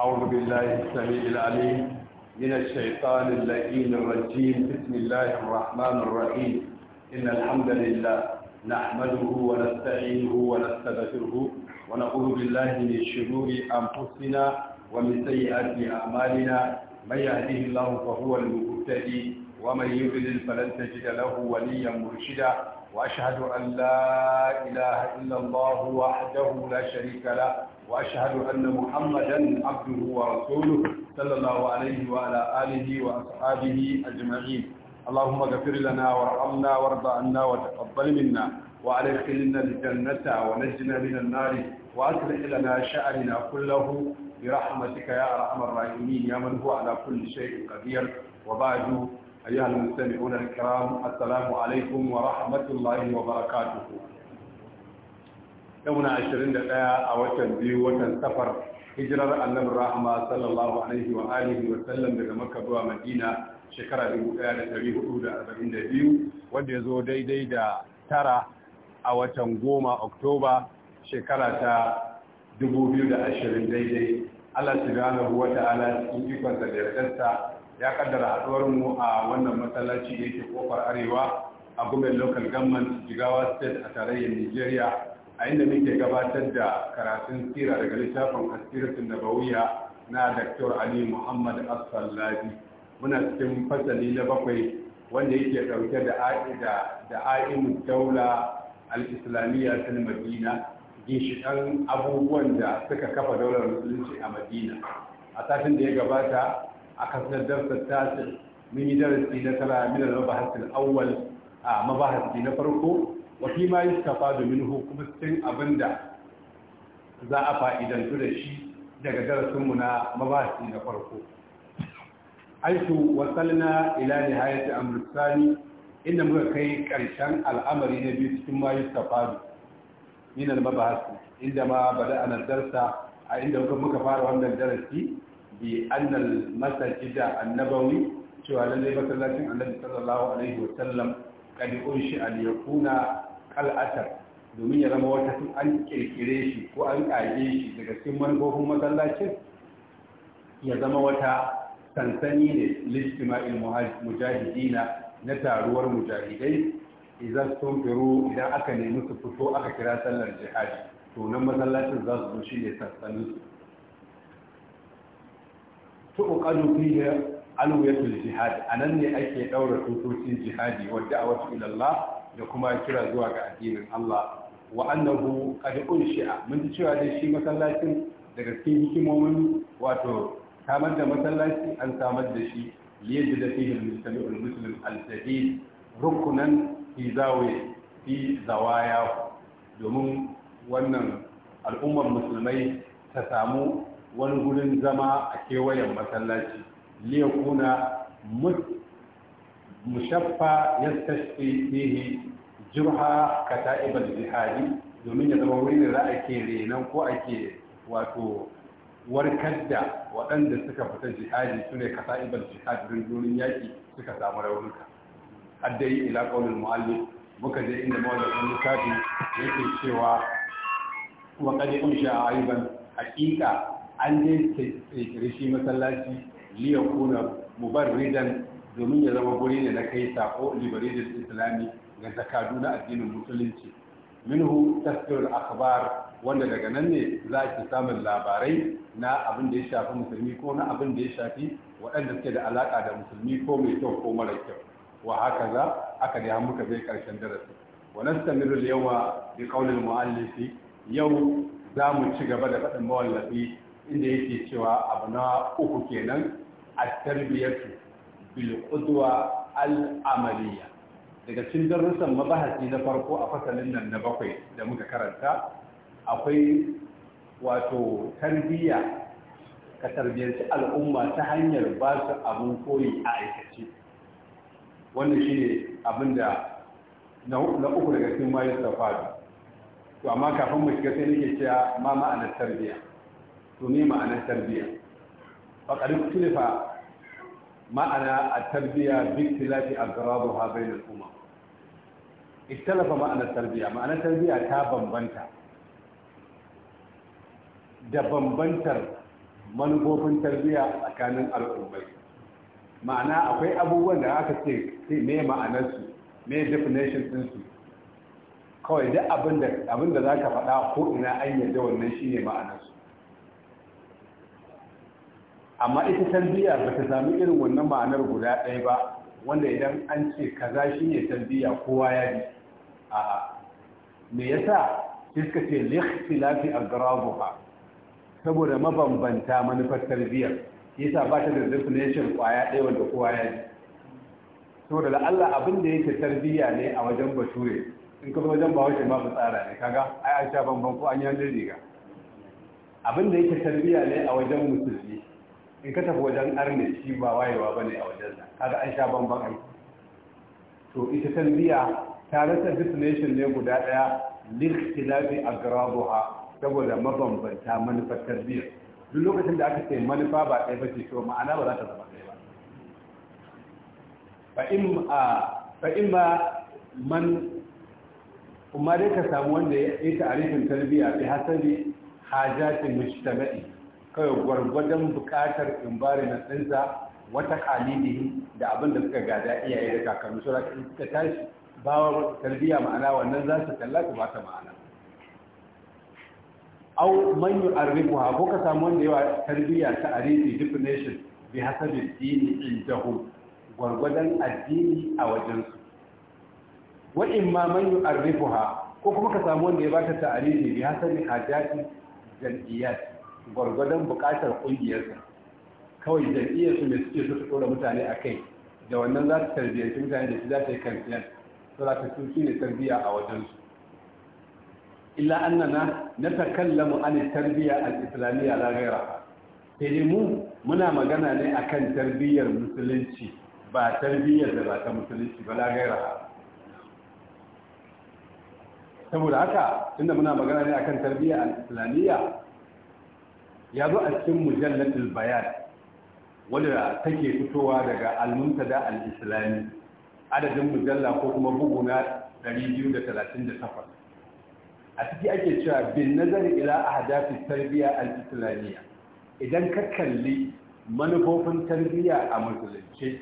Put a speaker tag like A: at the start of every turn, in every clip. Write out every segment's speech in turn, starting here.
A: أعوذ بالله السميع العليم من الشيطان اللئيم الرجيم بسم الله الرحمن الرحيم إن الحمد لله نحمده ونستعينه ونستغفره ونعوذ بالله من شرور أنفسنا ومن سيئات أعمالنا من يهده الله فهو المهتدي ومن يضلل فلن تجد له وليا مرشدا وأشهد أن لا إله إلا الله وحده لا شريك له وأشهد أن محمدا عبده ورسوله صلى الله عليه وعلى آله وأصحابه أجمعين اللهم اغفر لنا وارحمنا وارض عنا وتقبل منا وأدخلنا الجنة ونجنا من النار وأصلح لنا شأننا كله برحمتك يا أرحم الراحمين يا من هو على كل شيء قدير وبعد أيها المستمعون الكرام السلام عليكم ورحمة الله وبركاته yau muna 21 a watan biyu watan safar hijirar annabi rahama sallallahu alaihi wa alihi wa sallam daga makka zuwa madina shekara 1442 wanda ya zo daidai da tara a watan goma oktoba shekara ta 2020 daidai allah subhanahu wa ta'ala cikin ikonsa da yardarsa ya kaddara haduwar mu a wannan masallaci da yake kofar arewa a gumen local government jigawa state a tarayyar nigeria a inda muke gabatar da karatun sira daga littafin asiratun bauya na daktar Ali Muhammad as muna cikin fasali na bakwai wanda yake dauke da a'ida da a'imu daula al-islamiyya ta Madina ginshikan abubuwan da suka kafa daular musulunci a Madina a satin da ya gabata a kasar darsa tasir mun yi darasi na tara min al awwal a mabahasi na farko wafi ma yi domin kuma cikin abin da za a fa'idantu da shi daga darasinmu na mabasi na farko haitu wasalna ila nihayati amrisani inda muka kai ƙarshen al'amari na biyu cikin ma yi stafa min inda ma bada ana darsa a inda muka fara wannan darasi bi annal masajida annabawi cewa lallai masallacin annabi sallallahu alaihi wa sallam kad unshi yakuna al'asar domin ya zama wata sun an kirkire shi ko an ƙage shi daga cikin manufofin masallacin ya zama wata sansani ne listima'il mujahidina na taruwar mujahidai idan sun firu idan aka nemi su fito aka kira sallar jihadi to nan masallacin za su zo shi ne sansanin su tu'qadu fihi alwiyatul jihad anan ne ake daura tutocin jihadi wadda a ila ilallah da kuma kira zuwa ga addinin Allah wa annahu qad unshi'a mun ji cewa dai shi masallacin daga cikin hikimomin wato samar da masallaci an samar da shi da fihi al-mustami' al-muslim al-sadid rukunan fi zawi fi zawaya domin wannan al'ummar musulmai ta samu wani gurin zama a kewayen masallaci liyakuna mushaffa ya tashi fihi jurha kata'ibal jihadi domin ya zama wurin da ke renan ko ake wato warkar da waɗanda suka fita jihadi su ne kata'ibal jihadi rundunin yaƙi suka samu raunuka haddai ila ƙaunin mu'allif muka je inda mawallafin littafi yake cewa wa kadi kun sha aiban haƙiƙa an dai kirkiri shi masallaci liya kuna mubarridan domin ya zama guri ne na kai sako liberated islami ga zakadu na addinin musulunci minhu tasirul akhbar wanda daga nan ne za ki samun labarai na abin da ya shafi musulmi ko na abin da ya shafi waɗanda suke da alaƙa da musulmi ko mai kyau ko mara kyau wa haka za aka da muka zai karshen darasi wa nastamiru yawa bi qawlil muallifi yau za mu ci gaba da faɗin mawallafi inda yake cewa abu na uku kenan at-tarbiyatu bilkudwa al'amaliya daga cikin darussan mabahasi na farko a fasalin nan na bakwai da muka karanta akwai wato tarbiyya ka tarbiyyanci al'umma ta hanyar ba su abin koyi a aikace wannan shi ne abin da na uku daga cikin mayu ta faru to amma kafin mu shiga sai nake cewa ma ma'anar tarbiyya to ne ma'anar tarbiyya faƙarin tulifa ma'ana معنى التربية باختلاف أغراضها بين الأمم اختلف معنى التربية معنى التربية ta بنتا da bambantar manufofin tarbiyya tsakanin al'ummai ma'ana akwai abubuwan da aka ce me ma'anarsu me definition ɗinsu kawai duk abin da za ka faɗa ko ina an yadda wannan shi ne ma'anarsu amma ita tarbiyya ba ta sami irin wannan ma'anar guda ɗaya ba wanda idan an ce kaza shi ne tarbiyya kowa ya bi a me yasa iska ce likhtilafi agrabuha saboda mabambanta manufar tarbiyyar yasa ba ta da definition kwaya ɗaya wanda kowa ya ji saboda la'alla abin da yake tarbiyya ne a wajen bature in kuma wajen ba wajen ba tsara ne kaga ai an sha bambam ko an yi riga abin da yake tarbiyya ne a wajen musulmi in ka tafi wajen arne shi ba wayewa ba ne a wajen nan kaga an sha bamban ai to ita tanbiya ta rasa destination ne guda daya likhtilafi agrabuha saboda mabambanta manufar tarbiyyar duk lokacin da aka ce manufa ba ɗaya ba to ma'ana ba za ta zama ɗaya ba fa in ma man kuma dai ka samu wanda ya yi arifin tarbiyya bi hasabi hajatin mujtama'i kawai gwargwadon bukatar na ɗinsa wata kalilihi da abin da suka gada iyaye da kakanni su in suka tashi bawar tarbiyya ma'ana wannan za su kalla su bata ma'ana au manyu yu'arrifu ha ko ka samu wanda yawa tarbiyya ta arifi definition bi hasabi dini indahum gwargwadon addini a wajensu wa in ma manyu yu'arrifu ha ko kuma ka samu wanda ya bata bai bi hasabi hajati jam'iyyat gwargwadon bukatar kungiyarsa kawai jam'iyyar su mai suke so su ɗora mutane a kai da wannan za su tarbiyyanci mutane da su za su yi kamfiyan to za su su shi ne tarbiyya a wajensu illa annana na takallamu an tarbiyya al-islamiyya la ghaira sai dai mu muna magana ne akan tarbiyyar musulunci ba tarbiyyar da ba ta musulunci ba la ghaira saboda haka tunda muna magana ne akan tarbiyya al-islamiyya ya zo a cikin mujallatul bayan wadda take fitowa daga al-muntada al-islami adadin mujalla ko kuma bugu na 238 a ciki ake cewa bin nazari ila ahdafi tarbiya al-islamiyya idan ka kalli manufofin tarbiyya a musulunci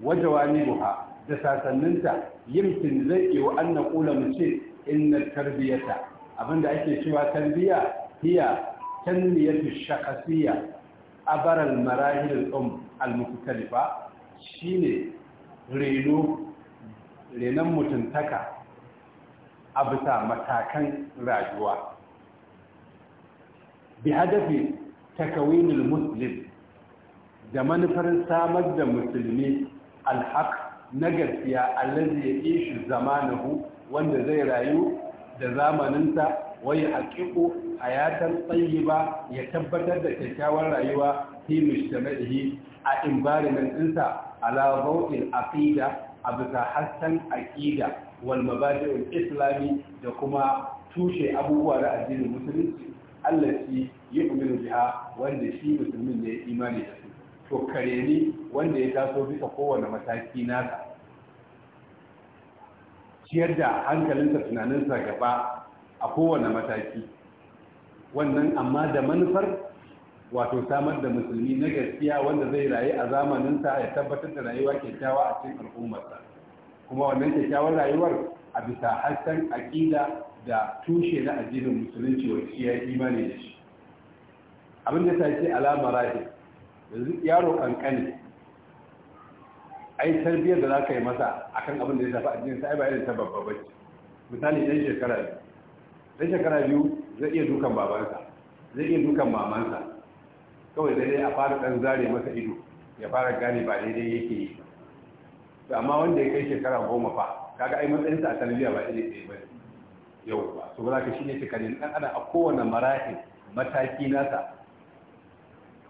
A: wajawani buha da sasanninta yimkin zai iya wa annan kula mu ce inna tarbiyata abinda ake cewa tarbiya hiya tanmiyatu shakhsiyya a baral marahil um al-mukhtalifa shine reno renon mutuntaka a bisa matakan rayuwa bi hadafi takawinul muslim da manufar samar da musulmi alhaq na gaskiya allazi ya ishi zamanahu wanda zai rayu da zamaninta wai haƙiƙo hayatan tsayiba ya tabbatar da kyakkyawar rayuwa fi mujtama'ihi a environment ɗinsa ala zawqil aqida a bisa hassan aqida wal mabadi'ul islami da kuma tushe abubuwa da addinin musulunci allaci yu'minu biha wanda shi musulmin ne imani da su to kare ni wanda ya taso bisa kowane mataki nasa ciyar da hankalinsa tunaninsa gaba a kowane mataki wannan amma da manufar wato samar da musulmi na gaskiya wanda zai rayu a zamaninsa ya tabbatar da rayuwa kyakkyawa a cikin al'ummarsa kuma wannan kyakkyawar rayuwar a bisa hassan aƙida da tushe na addinin musulunci wa shi imani da shi abin da ta ce alama rahi yanzu yaro kankani ai tarbiyyar da za ka yi masa akan abin da ya shafi addinin sa ai ba irin ta babba ba misali ɗan shekara biyu ɗan shekara biyu zai iya dukan babansa zai iya dukan mamansa kawai dai a fara ɗan zare masa ido ya fara gane ba daidai yake yi ba amma wanda ya kai shekara goma fa kaga ai matsayinsa a tarbiyya ba iri ɗaya ba yau ba su ba za ka ne shekari ɗan ana a kowane marahin mataki nasa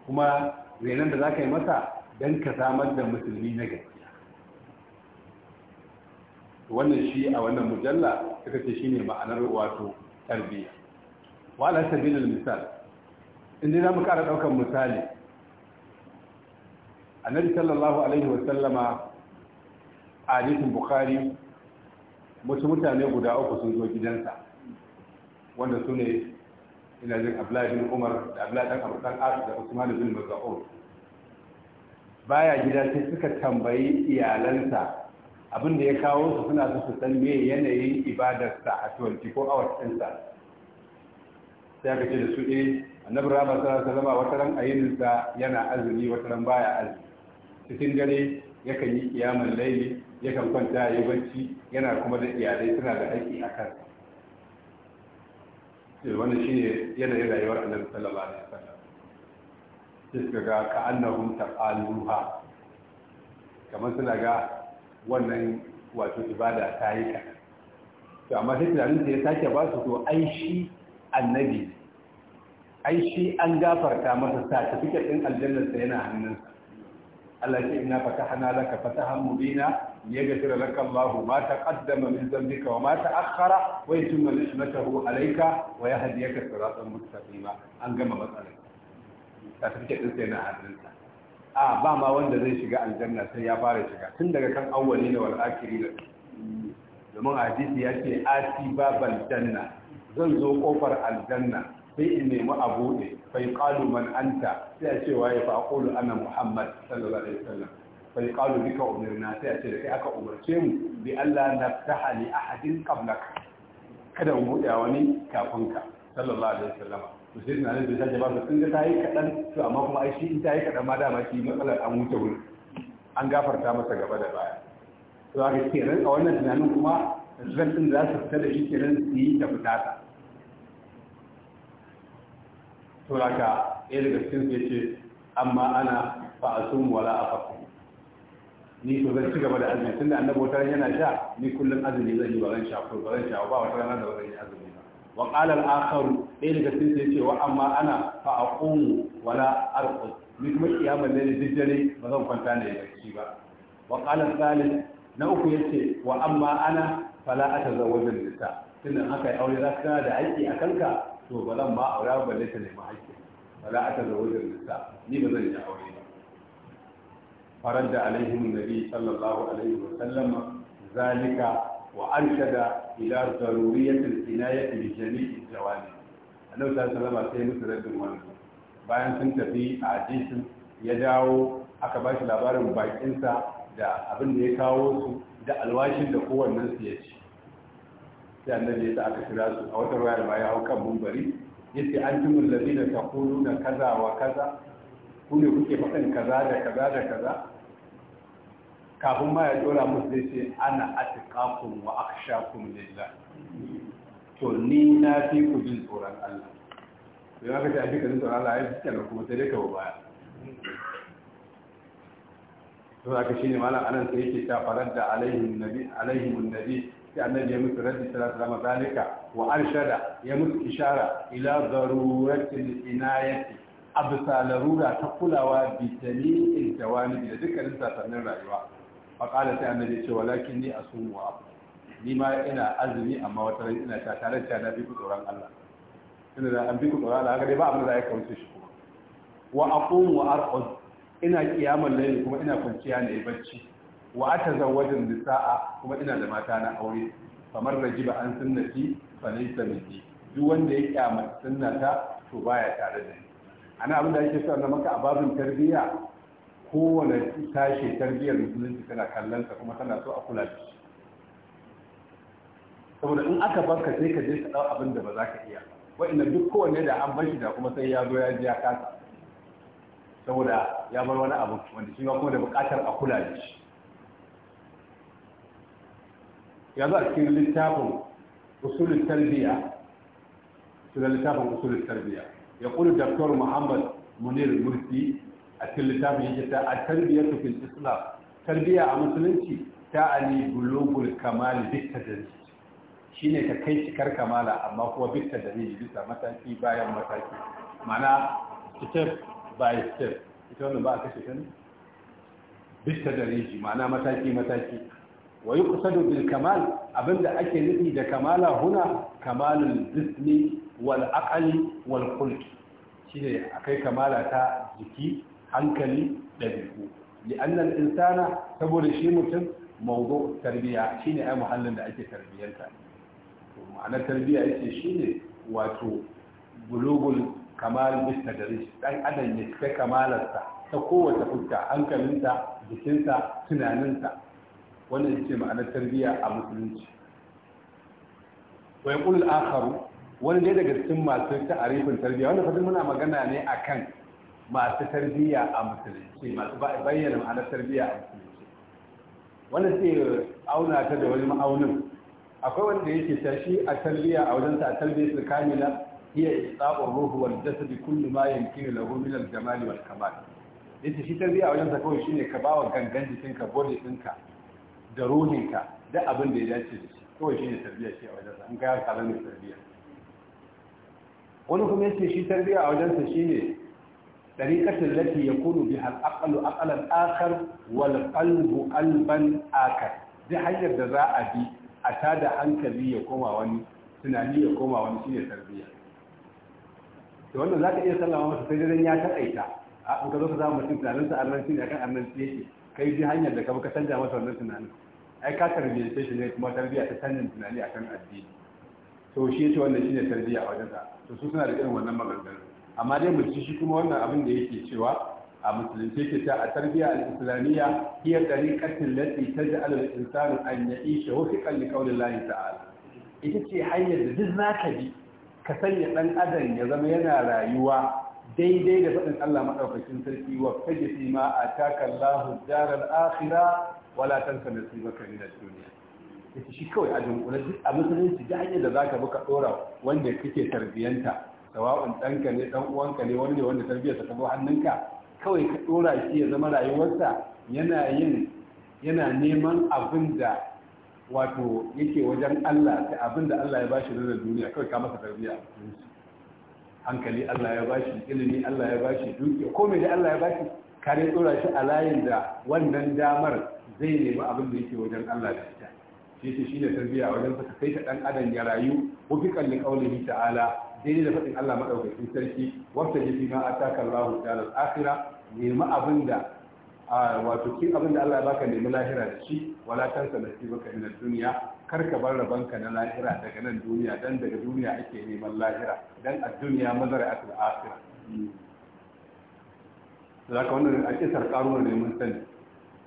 A: kuma renon da za ka yi masa don ka samar da musulmi na gaskiya wannan shi a wannan mujalla suka ce shine ma'anar wato tarbiyya wa ala sabilil misal inda mu kara daukan misali annabi sallallahu alaihi wa sallama a hadisin bukhari wasu mutane guda uku sun zo gidansa wanda su ne ina jin abdullahi bin umar da abdullahi dan abu dan asu da usman bin maz'un baya gida sai suka tambayi iyalansa abin da ya kawo su suna su san me yanayin ibadarsa a 24 hours ɗinsa sai aka ce da su eh annabi rama sallallahu alaihi wasallam wata ran ayininsa yana azumi wata ran baya azumi cikin dare yakan yi kiyamun laili yakan kwanta ya bacci yana kuma da iyalai suna da aiki a kan sai eh, wannan shine yanayin rayuwar annabi sallallahu alaihi wasallam sai suka ga ka annahum tafaluha kamar suna ga wannan wato ibada ta yi ka. to amma sai tunanin da ya sake ba su to ai shi annabi ai shi an gafarta masa certificate din Aljanna sa yana hannunsa Allah ce inna fatahna laka fatahan mubina yaghfir laka Allah ma taqaddama min dhanbika wa ma ta'akhkhara wa yutimma ni'matahu alayka wa yahdiyaka siratan mustaqima an gama matsalar certificate din sa yana hannunsa a ba ma wanda zai shiga aljanna sai ya fara shiga tun daga kan awwali da wal akhiri domin hadisi ya ce ati baban janna zan zo kofar aljanna sai in nemi a buɗe fai qalu man anta sai a ce waye fa aqulu ana muhammad sallallahu alaihi wasallam fai qalu bika umirna sai a ce da kai aka umarce mu bi Allah naftaha li ahadin qablaka kada mu buɗe wani kafin ka sallallahu alaihi wasallam to sai na da sai ba su tunda ta yi kadan to amma kuma ai shi in ta yi kadan ma dama shi matsalar an wuce wurin an gafarta masa gaba da baya to haka kenan a wannan tunanin kuma rizal za su fita da shi kenan su yi da fita ta to haka ɗaya daga cikin ya ce amma ana ba a sun wala a faku ni to zan ci gaba da azumi tun da annabi wata yana sha ni kullum azumi zan yi ba zan sha ko ba zan ba wata rana da ba zan yi azumi ba wa qala al akharu ɗaya daga cikin sai ce wa amma ana fa aqumu wala arqud ni kuma kiyamar ne duk dare ba zan kwanta ne da shi ba wa qala al na uku yace wa amma ana fala aka zan wajen nisa tunan haka aure za ka da aiki a kanka to ba zan ba aure ba balle ta nemi haƙƙi fala aka zan wajen nisa ni ba zan yi aure ba فرد عليهم النبي صلى الله عليه وسلم ذلك وأرشد إلى ضرورية العناية بجميع الجوانب annabi sallallahu alaihi sai musu raddin wannan bayan sun tafi a hadisin ya dawo aka bashi labarin bakinsa da abin da ya kawo su da alwashin da kowannensu ya ci sai annabi ya sa aka kira su a wata ruwayar ma ya hau kan mumbari yace an tumul ladina taquluna kaza wa kaza ku ne kuke faɗin kaza da kaza da kaza kafin ma ya dora musu zai ce ana atiqakum wa akhshakum lillah to ni na fi ku jin tsoron Allah to ya kace a duka jin tsoron Allah ya fi kana kuma sai dai ka baya to aka shine malam anan sai yake ta farar da alaihim nabi alaihim nabi sai annabi ya musu raddi sallallahu alaihi zalika wa arshada ya musu ishara ila daruratil inayati absa larura ta kulawa bi jami'il jawanibi da dukkanin sasannin rayuwa fa qala sai annabi ce walakin ni asumu wa abu ni ma ina azumi amma wata ran ina ta tare da na ku tsoron Allah tunda da an bi ku tsoron Allah haka dai ba abin da yi kauce shi kuma wa aqum wa arqud ina kiyamar laili kuma ina kwanciya na yi bacci wa ta zawajin sa'a kuma ina da mata na aure kamar ba an sunnati fa laysa minni duk wanda ya kiyama sunnata to baya tare da ni ana abin da yake sanar maka a babin tarbiyya kowane tashi tarbiyyar musulunci tana kallon kuma tana so a kula da shi saboda in aka barka sai ka je ka dau abin da ba za ka iya wa'inda duk kowanne da an bar shi da kuma sai ya zo ya ji ya kasa saboda ya bar wani abu wanda shi ma kuma da buƙatar a kula da shi yanzu a cikin littafin usulul tarbiyya da littafin usulun tarbiyya ya kulu dr muhammad munir mursi a cikin littafin yake ta a tarbiyyatu fil islam tarbiyya a musulunci ta ali bulugul kamal bitta da Shi ne ka kai cikar kamala amma kuma bitta da bisa mataki bayan mataki mana step by step ita wannan ba a kashe ta bista da riji ma'ana mataki-mataki wa yi kusa da bil kamal abinda ake nufi da kamala huna kamalin jismi wal aqali wal kulki shine akai kamala ta jiki hankali ɗabi'u li'annan insana saboda shi mutum mawdu tarbiya shine ai muhallin da ake tarbiyanta to ma'anar tarbiya yake shine wato bulugul kamar da bistadarish dan adam ne cika kamalarsa ta kowace fuska hankalinsa jikinsa tunaninsa wannan ce ma'anar tarbiyya a musulunci wa yaqul al-akharu wani ne daga cikin masu ta'arifin tarbiyya wanda fadin muna magana ne akan masu tarbiyya a musulunci masu bayyana ma'anar tarbiyya a musulunci wannan sai auna ta da wani ma'aunin akwai wanda yake ta shi a tarbiyya a wajen a tarbiyya kamila hiya isabur ruhu wal jasad kullu ma yumkinu lahu min al jamal wal yace shi tarbiya wajen sa kawai shine ka gangan jikinka body ɗinka da ruhinka da abin da ya dace da shi kawai shine tarbiya shi a wajen sa in ka yarka da tarbiya wani kuma yace shi a wajen sa ya طريقة التي يكون بها الأقل أقلا آخر والقلب قلبا آخر دي حاجة da za a bi a tada hankali ya koma wani tunani ya koma wani shine to wannan za ka iya sallama masa sai dai ya taƙaita a in ka zo ka zama mutum tunanin sa annanci ne akan annanci yake kai ji hanyar da ka ka canja masa wannan tunanin ai ka tarbiyyance shi ne kuma tarbiyya ta canjin tunani akan addini to shi yace wannan shine tarbiyya a sa to su suna da irin wannan maganganu amma dai mu ci shi kuma wannan abin da yake cewa a musulunci ke ta a tarbiyya al-islamiyya hiya tariqatul lati taj'alu al-insanu an ya'isha fi qalbi qawli Allah ta'ala ita ce hanyar da duk zaka bi ka sanya ɗan adam ya zama yana rayuwa daidai da faɗin Allah maɗaukakin sarki wa kaje fi ma a taka Allahu daral akhira wala tansa nasibaka min ad-dunya yace shi kawai a dunkule duk a musulunci da hanyar da zaka buka dora wanda kake tarbiyanta sawa'un ɗanka ne ɗan uwanka ne wanda wanda tarbiyarsa ta zo hannunka kawai ka dora shi ya zama rayuwarsa yana yin yana neman abin da wato yake wajen Allah da abin da Allah ya bashi na duniya kawai ka masa tarbiyya a hankali Allah ya bashi ilimi Allah ya bashi dukiya ko me da Allah ya bashi ka dai dora shi a layin da wannan damar zai nemi abin da yake wajen Allah da ita shi ce shine tarbiyya wajen saka kai ta dan adam ya rayu wufiqan li qawlihi ta'ala dai da fadin Allah madaukakin sarki wafta jifi ma ataka Allahu dalal akhirah nemi abin da a wato kin abin da Allah ya baka nemi lahira da shi wala tansa nasibaka min ad duniya, kar ka bar rabanka na lahira daga nan duniya dan daga duniya ake neman lahira dan ad-dunya mazra'atul da ka wannan a kisar karuwa ne mun sani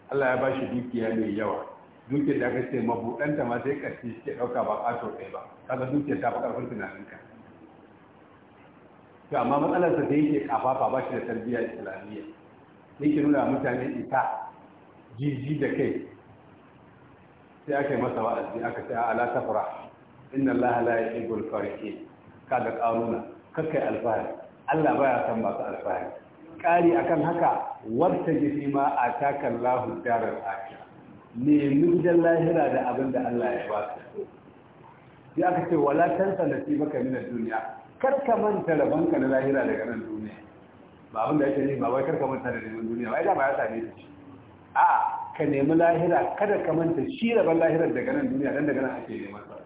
A: Allah ya bashi dukiya mai yawa dukiyar da aka ce mabuɗanta ma sai ƙarshe suke ɗauka ba ƙato ɗaya ba kaga dukiyar ta fi ƙarfin tunaninka to amma matsalarsa da yake kafafa ba shi da tarbiyya islamiyya yake nuna mutane ita jiji da kai sai aka yi masa wa'azi aka ce ala tafra inna allaha la yuhibbu al-farihin kada karuna kakka alfahari Allah baya san masu alfahari kari akan haka warta jifi ma ataka Allahu darar akhirah nemi gidan lahira da abin da Allah ya ba ka sai aka ce wala tansa nasibaka min ad-dunya kar ka manta rabanka na lahira daga nan duniya ba abin da ake ne ba wai karka manta da neman duniya wai ba ya same shi a ka nemi lahira kada ka manta shi rabar lahirar daga nan duniya dan daga nan ake neman sa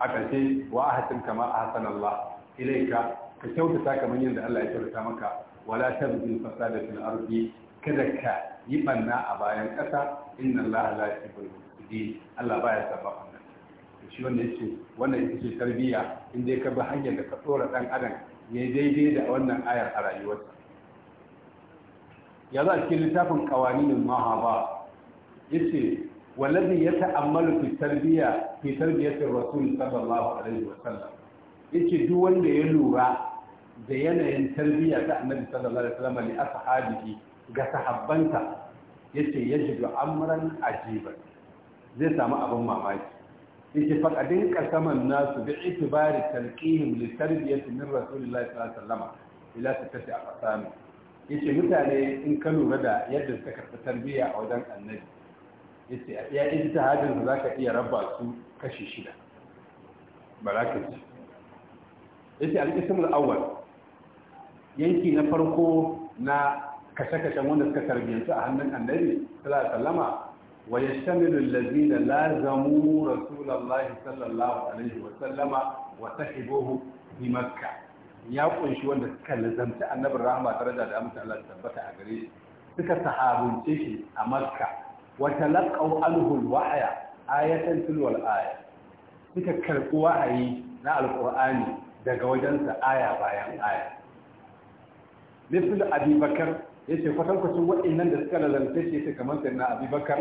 A: a kace wa ahsan kama ahsan Allah ilaika ka kyautata kamar yanda Allah ya kyautata maka wala tabdi fasada fil ardi kada ka yi banna a bayan kasa inna Allah la yuhibbul mufsidin Allah baya son shi wannan wannan ita ce tarbiyya in dai ka bi hanyar da ka tsora dan adam ya daidai da wannan ayar a rayuwarsa ya za a cikin littafin kawaninin mahaba ya ce wallazi ya ta'ammalu fi tarbiya fi tarbiyatir rasul sallallahu alaihi wa sallam yace duk wanda ya lura da yanayin tarbiya ta annabi sallallahu alaihi wa sallam li ashabihi ga sahabbanta yace yajidu amran ajiban zai samu abin mamaki yake faɗa dinka saman nasu bi itibari talqihim li tarbiyati min rasulillahi sallallahu alaihi wasallam ila tattasi aqsami yace mutane in ka lura da yadda suka karɓi tarbiyya a wajen annabi yace ya ijtihadin da zaka iya raba su kashi shida barakati yace al-ism al yanki na farko na kashe-kashen wanda suka tarbiyyantu a hannun annabi ويشتمل الذين لازموا رسول الله صلى الله عليه وسلم وصحبوه في مكة ya kunshi wanda suka lazamci annabin rahama daraja da amince Allah a gare shi suka sahabunce shi a makka wa talaqaw anhu alwahya ayatan tilwal aya suka karɓi wahayi na alqur'ani daga wajensa aya bayan aya misal abubakar yace kwatankwacin waɗannan da suka lazamce shi yace kamar abubakar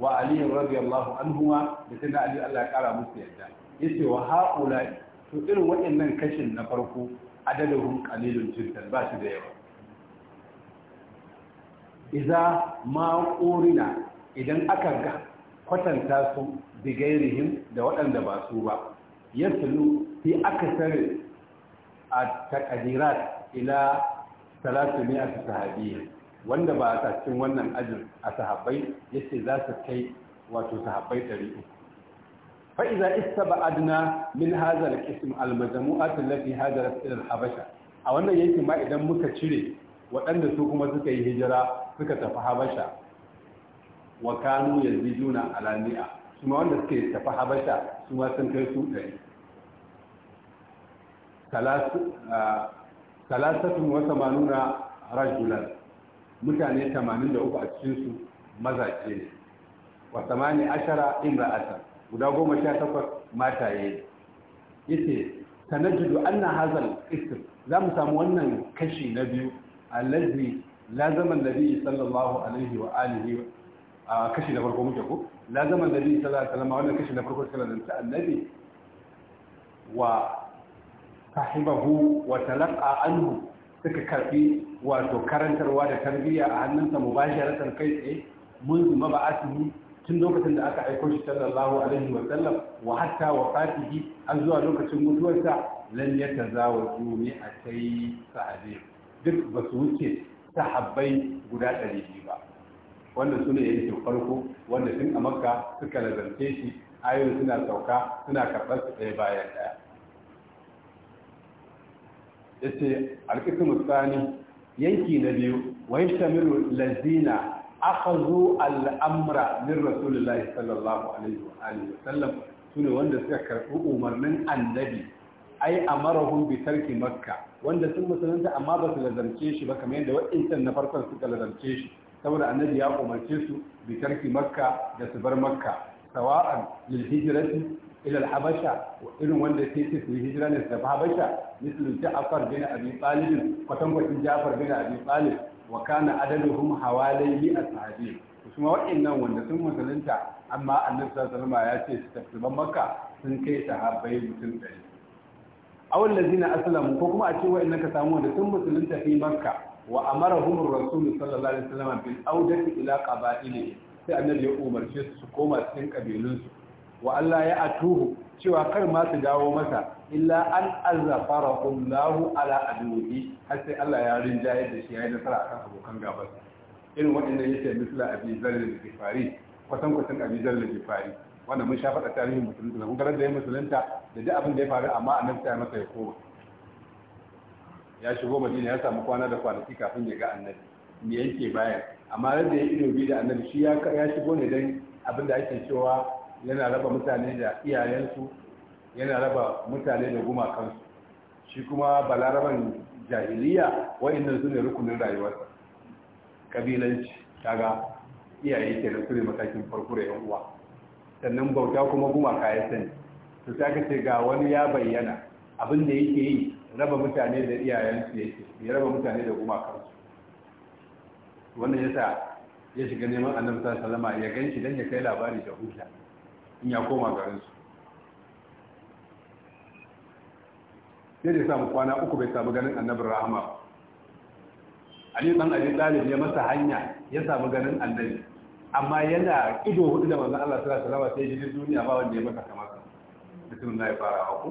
A: wa ali radiyallahu anhuma da sai na ali Allah ya kara musu yadda yace wa haula to irin waɗannan kashin na farko adadahum qalilun jiddan ba shi da yawa idza ma qurina idan aka ga kwatanta su gairihim da waɗanda ba su ba yaslu fi sare a takadirat ila 300 mi'at sahabiyya wanda ba a cikin wannan ajin a sahabbai yace za su kai wato sahabbai 300 fa idza istaba adna min hadha al-qism al-majmu'at allati hajarat ila al-habasha a wannan yankin ma idan muka cire waɗanda su kuma suka yi hijira suka tafi habasha wa kanu yaziduna ala mi'a kuma wanda suke tafi habasha su ma sun kai su 100 salasatun wa samanuna rajulan mutane 83 a cikinsu mazaje ne wa samani ashara imra'atan guda goma sha takwas mataye yace sanajidu anna hazal qism za mu samu wannan kashi na biyu allazi lazama annabi sallallahu alaihi wa alihi a kashi na farko muke ko lazama annabi sallallahu alaihi wa sallam wannan kashi na farko sallallahu alaihi wa sahibahu wa talaqa anhu suka karbi wato karantarwa da tarbiyya a hannunsa mubasharatan kai tsaye mun zuma ba مبعثه tun lokacin da aka aiko shi sallallahu alaihi wa sallam wa hatta wa fatihi an zuwa lokacin mutuwarsa lan ya tazawazu ne a sai sahabe duk ba su wuce sahabbai guda ɗari biyu ba wannan sune ya farko wanda tun a makka suka lazance shi ayoyi suna sauka suna karɓar su ɗaya bayan ɗaya yace alqismu tsani yanki na biyu wa yashtamilu lazina akhadhu al-amra min rasulillahi sallallahu alaihi wa alihi wa sallam sune wanda suka karbi umarnin annabi ai amarahum bi tarki makka wanda sun musulunta amma ba su lazarce shi ba kamar yadda wa'insan na farkon suka lazarce shi saboda annabi ya umarce su bi tarki makka da su bar makka Sawa'ar lil hijrati ila al habasha irin wanda yake ce su hijira habasha mislu ja'far bin abi talib ja'far bin abi talib wa kana adaduhum hawalai a ashabi kuma waɗannan wanda sun musulunta amma annabi sallallahu alaihi ya ce su tafi makka sun kai sahabbai mutum ɗari awal ladina aslamu ko kuma a ce waɗannan ka samu wanda sun musulunta fi makka wa amarahum rasul sallallahu alaihi sai annabi ya umarce su su koma cikin kabilunsu wa Allah ya atuhu cewa kar ma su dawo masa illa an azafara kullahu ala aduwi har sai Allah ya rinjaye da shi ya yi nasara akan abokan gabas irin waɗannan yake misla abi zalil al-ghifari kwatan kwatan abi zalil al-ghifari wannan mun shafa da tarihin musulunta mun garar da ya musulunta da duk abin da ya faru amma annabi ta masa ya koma ya shigo madina ya samu kwana da kwanaki kafin ya ga annabi me yake bayan amma yadda ya ido bi da annabi shi ya shigo ne dan abin da ake cewa yana raba mutane da iyayensu yana raba mutane da gumakansu shi kuma balaraban jahiliya wa'annan su ne rukunin rayuwarsa kabilanci kaga iyaye ke su ne matakin farko da yan uwa sannan bauta kuma gumaka ya sani to sai ce ga wani ya bayyana abin da yake yi raba mutane da iyayensu yake ya raba mutane da gumaka wannan sa ya shiga neman annabi sallallahu Salama ya ganshi don ya kai labari da huta in ya koma garin su sai da samu kwana uku bai samu ganin annabin rahama ba ali dan abi talib ya masa hanya ya samu ganin annabi amma yana ido hudu da manzon Allah sallallahu salama sai jini duniya ba wanda ya masa kamar sa mutum na ya fara haku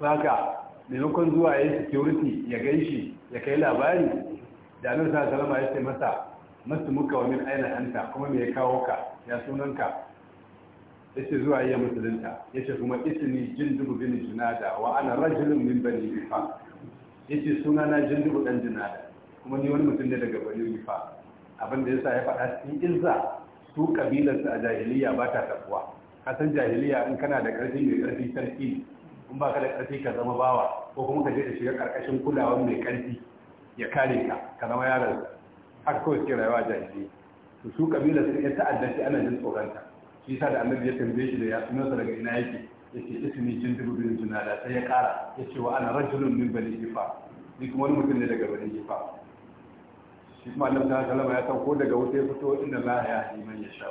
A: saka maimakon zuwa yi security ya gaishe ya kai labari da annabi sallallahu alaihi ya ce masa masu muka wa min aina anta kuma me ya kawo ka ya sunanka yace zuwa ya musulunta yace kuma isni jindubu bin junada wa ana rajulun min bani ifa yace na jindubu dan junada kuma ni wani mutum ne daga bani ifa abin da yasa ya faɗa cikin izza su kabilarsa a jahiliya ba ta tafuwa kasan jahiliya in kana da ƙarfi mai ƙarfi sarki in ba ka da ƙarfi ka zama bawa ko kuma ka je ka shiga karkashin kulawar mai ƙarfi ya kare ka ka zama yaron haka kawai suke rayuwa jahili to su kabila su ya ta'addanci ana jin tsoronta shi yasa da annabi ya tambaye shi da ya sunansa daga ina yake yace ismi dubu biyun junada sai ya kara yace wa ana rajulun min bani jifa ni kuma wani mutum ne daga bani jifa shi kuma annabi ta alaihi ya san ko daga wuta ya fito inda la ya yi man ya sha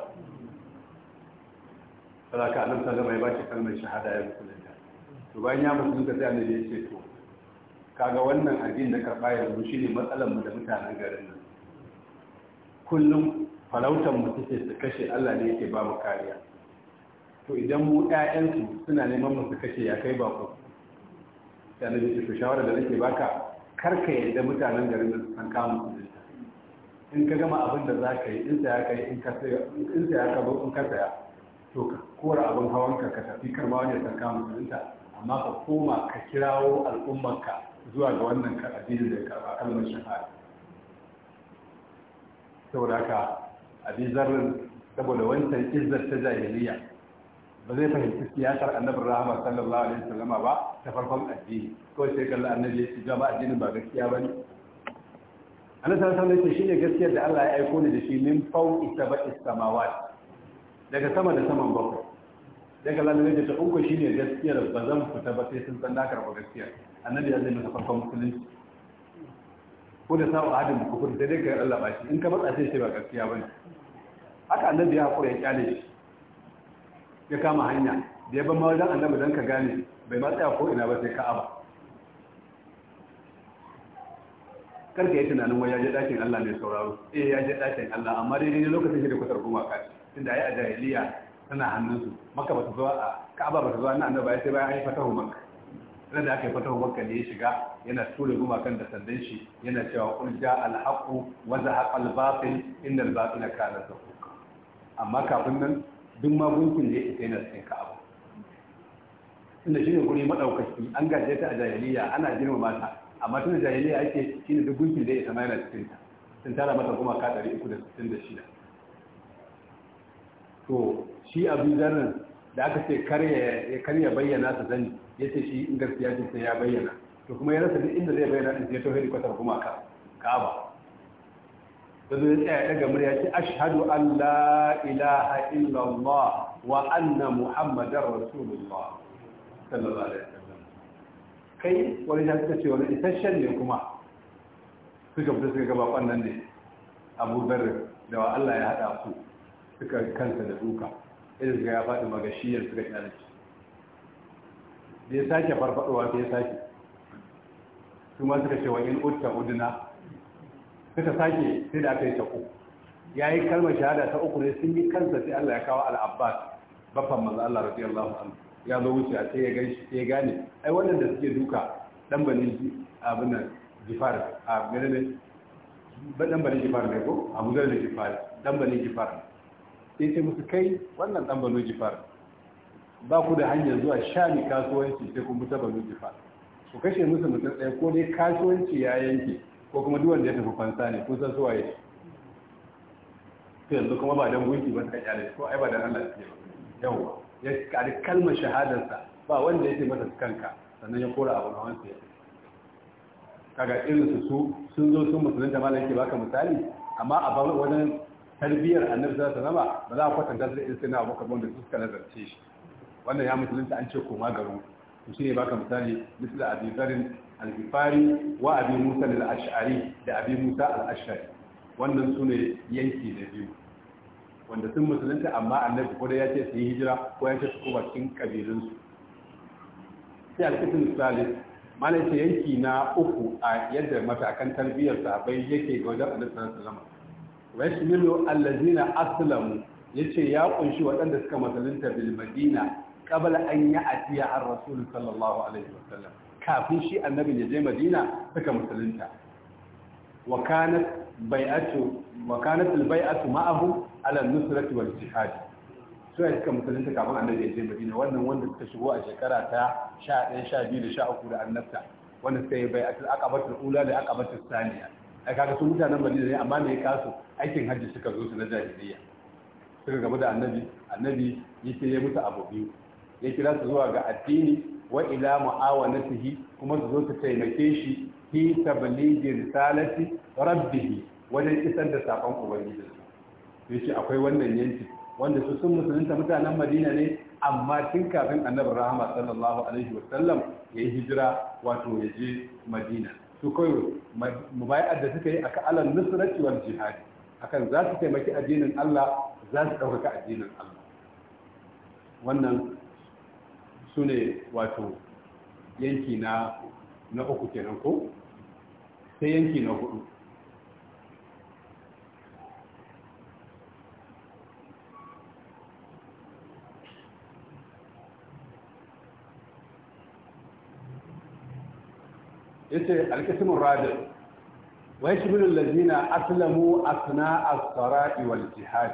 A: saboda ka annabi ta zama ya ba shi kalmar shahada ya musulunta to bayan ya musulunta sai annabi ya ce to kaga wannan abin da karɓa yanzu shi ne matsalarmu da mutanen garin nan kullum farautar mu take su kashe allah ne yake ba mu kariya to idan mu ƴaƴansu suna neman mu su kashe ya kai ku sai da su shawara da nake baka karka yadda mutanen garin nan san kama su in ka gama abin da za ka yi in saya ka yi in ka saya in ka saya to ka kora abin hawanka ka tafi karma ya san kama su amma ka koma ka kirawo al'ummarka zuwa ga wannan addinin da ya karba kalmar shahada saboda haka abin zarrin saboda wancan izzar ta jahiliya ba zai fahimci siyasar annabin rahama sallallahu alaihi sallama ba ta farkon addini kawai sai kallon annabi ya shiga ba addinin ba gaskiya ba ne. annabi sallallahu alaihi wasallam shine gaskiyar da Allah ya aiko ni da shi min fawqi sab'i samawat daga sama da saman bakwai Daga kallon da ta uku shine gaskiyar ba zan fita ba sai sun san na karɓa gaskiyar annabi ya zai masa farkon musulunci ko da samu ahadin da kufur sai dai ka Allah ba shi in ka matsa sai ba gaskiya bane haka annabi ya kura ya kyale shi ya kama hanya da ya ban ma wajen annabi dan ka gane bai ma tsaya ko ina ba sai ka'aba karka yi tunanin wajen ya je ɗakin Allah ne sauraro eh ya je ɗakin Allah amma dai ne lokacin shi da kusar gumaka tunda yi a jahiliya tana hannunsu maka bata zuwa a ka'aba bata zuwa na annaba sai bayan an yi fatahu makka ran da aka yi fatahu makka ne ya shiga yana tura gumakan da sandan shi yana cewa qul ja al-haqqu wa zahaqa al-batil innal batila kana zahuqa amma kafin nan duk magunkun da ya isa yana cikin ka'aba tunda shi ne guri maɗaukaki an gaje ta a jahiliya ana girma mata amma tunda jahiliya ake shi ne duk gunkin da ya isa ma yana cikin ta sun tara mata gumaka 366 to shi abu zanen da aka ce kar ya bayyana ta sani ya ce shi in gaskiya ce sai ya bayyana to kuma ya rasa duk inda zai bayyana din sai ya tauhidi kwatar kuma ka kaba da zai tsaya ya daga murya ce ashhadu an la ilaha illallah wa anna muhammadar rasulullah sallallahu alaihi wasallam kai wani ya ce wani isasshen ne kuma suka fita suka gaba kwannan ne abu da wa Allah ya hada su suka kansa da duka idan ya faɗi magashiyar suka kyalace da ya sake farfadowa ta ya sake su ma suka ce in utta uduna suka sake sai da aka yi ta uku ya yi kalmar shahada ta uku ne sun yi kansa sai Allah ya kawo al'abbas baffan maza. Allah radiyallahu anhu ya zo wuce sai ya gani sai ya gane ai wannan da suke duka dan bani abin nan jifar a ne dan bani jifar ne ko abu da jifar dan bani jifar sai ce musu kai wannan dan banu jifar ba ku da hanyar zuwa shami kasuwanci sai kun ta banu jifar ku kashe musu mutum ɗaya ko dai kasuwanci ya yanke ko kuma duwan da ya tafi fansa ne kun san su waye Ta yanzu kuma ba don gunki ba ta kyale ko ai ba dan Allah ce ba yawa ya kari kalmar shahadarsa ba wanda ya ce masa kanka sannan ya kora abu hawan sa kaga irin su sun zo sun musulunta malam yake baka misali amma a wajen tarbiyar annabi sallallahu alaihi wasallam ba za a kwatanta da irin sayyidina Abubakar wanda suka nazarce shi wannan ya musulunta an ce koma garu to shi ne baka misali misal Abi Zarin al-Ghifari wa Abi Musa al-Ash'ari da Abi Musa al-Ash'ari wannan ne yanki da biyu wanda sun musulunta amma annabi ko da ya ce su yi hijira ko ya ce su koma cikin kabilunsu sai alƙisin salis malai ce yanki na uku a yadda matakan tarbiyyar sahabbai yake ga wajen annabi sallallahu alaihi wasallam washmilu allazina aslamu yace ya kunshi waɗanda suka musulunta bil madina qabla an ya'tiya ar rasul sallallahu alaihi wasallam kafin shi annabi ya je madina suka musulunta wa kanat bai'atu wa kanat al bai'atu ma'ahu ala nusrati wal jihad so suka musulunta kafin annabi ya je madina wannan wanda suka shigo a shekara ta 11 12 da 13 da annabta wanda sai bai'atul aqabatul ula da aqabatul thaniya a kaga su mutanen madina ne amma me kasu aikin hajji suka zo su na jahiliya suka gaba da annabi annabi yake ya mutu abu biyu ya kira su zuwa ga addini wa ila mu'awanatihi kuma su zo su taimake shi fi tablighi risalati rabbih wajen isar da sakon ubangiji yace akwai wannan yanki wanda su sun musulunta mutanen Madina ne amma tun kafin Annabi Rahama sallallahu alaihi wasallam ya hijira wato ya je Madina su kawai mubayar da suka yi a ka'alar nusrati wal jihadi akan za su taimaki addinin Allah za su ɗaukaka addinin Allah wannan su ne wato yanki na na uku kenan ko sai yanki na hudu yace alqismur wai shi yashmilu allazina aslamu asna a sarai wal jihad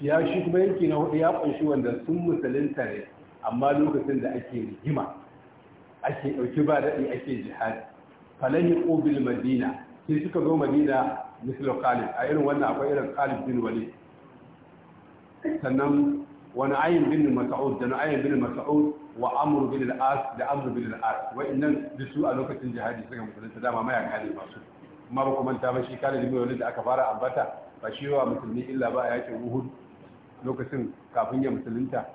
A: ya shi kuma yanki na hudu ya kunshi wanda sun musulunta tare, amma lokacin da ake rigima ake dauki ba daɗi ake jihad falahiqu bil madina sai suka zo madina mislu khalid a irin wannan akwai irin khalid bin Wali sannan Wani bin Mas'ud, da ونعيم بن مسعود ده نعيم بن مسعود وعمر بن العاص ده عمرو بن العاص وإنن su a lokacin jihadi suka musulunta dama mayaka ne masu kuma ba kuma ta ba shi kare da mai da aka fara ambata ba shi wa musulmi illa ba a yakin Uhud lokacin kafin ya musulunta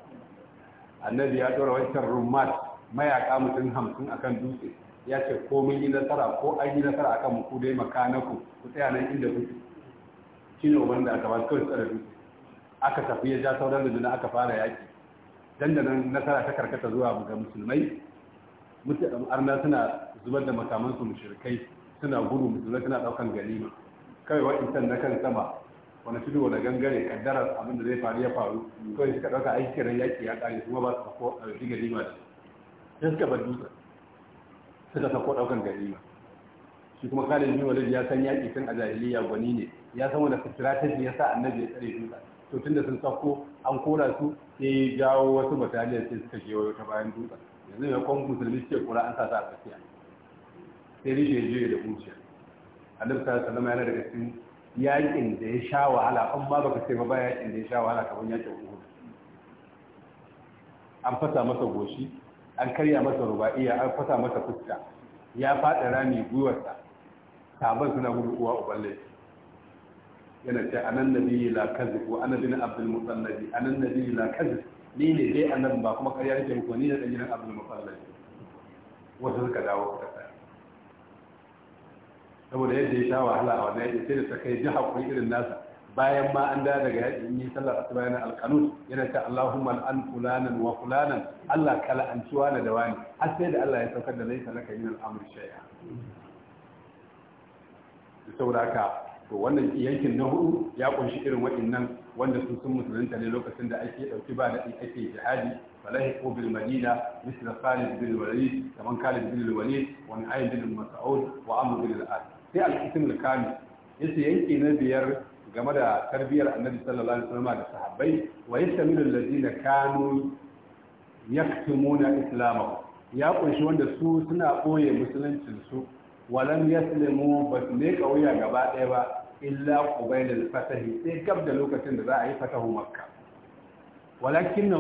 A: annabi ya dora wancan rummat mayaka mutum hamsin akan dutse ya ce ko mun yi nasara ko an yi nasara akan mu ku dai makanaku ku tsaya nan inda kuke shine wanda aka ba su kawai tsara dutse aka tafi ya ja sauran da aka fara yaki dandanan nasara ta karkata zuwa ga musulmai arna suna zubar da makamansu mushrikai suna gudu musulmai suna daukan ganima kawai wa'insan na kan sama wani tudu wani gangare kaddara abin da zai faru ya faru kawai suka dauka aiki ran yaki ya kare kuma ba su ko shi ganima da sai suka bar dutsen suka sako daukan ganima shi kuma kalin yi walid ya san yaki tun a jahiliya gwani ne ya san wani strategy ya sa annabi ya tsare dutsen to tunda sun sako an kora su sai jawo wasu bataliyar sai suka kewayo ta bayan dutsen yanzu ya kwan musulmi suke kura an sasa a tsakiya sai ya juye da zuciya annabi sallallahu alaihi wasallam yana daga cikin yakin da ya sha wahala an ba baka sai ba yakin da ya sha wahala kamar yakin Uhud an fasa masa goshi an karya masa ruba'iya an fasa masa fuska ya faɗa rami gwiwarsa sabon suna gudu uwa uballe yana ce anan nabiyyi la kadhib wa ana bin abdul mutallabi anan nabiyyi la kadhib ni ne dai anan ba kuma ƙarya yake muku ni ne dan gidan abdul mutallabi wasu suka dawo suka tsaya
B: saboda yadda ya sha wahala a wannan yadda sai da ta kai ji hakuri irin nasa
A: bayan ma an da daga yaƙi in yi sallar asuba yana alkanun yana ta Allahumma an fulanan wa fulanan Allah kala an ciwa na da wani har sai da Allah ya saukar da laisa laka yin al'amur shay'a saboda haka to wannan yankin na hudu ya kunshi irin waɗannan wanda sun musulunta ne lokacin da ake ɗauki ba da ake jihadi falahi ko bil madina misra khalid bin walid kaman khalid bin walid wa nu'aym bin mas'ud wa amr al-as sai al-qism al-kamil yace yanki na biyar game da tarbiyar annabi sallallahu alaihi wasallam da sahabbai wa yastamilu alladhina kanu yaktumuna islamahu ya kunshi wanda su suna boye musuluncin su walam yaslimu su ne kauya gaba ɗaya ba illa qubailal fatahi sai gab da lokacin da za a yi fatahu makka Walakin na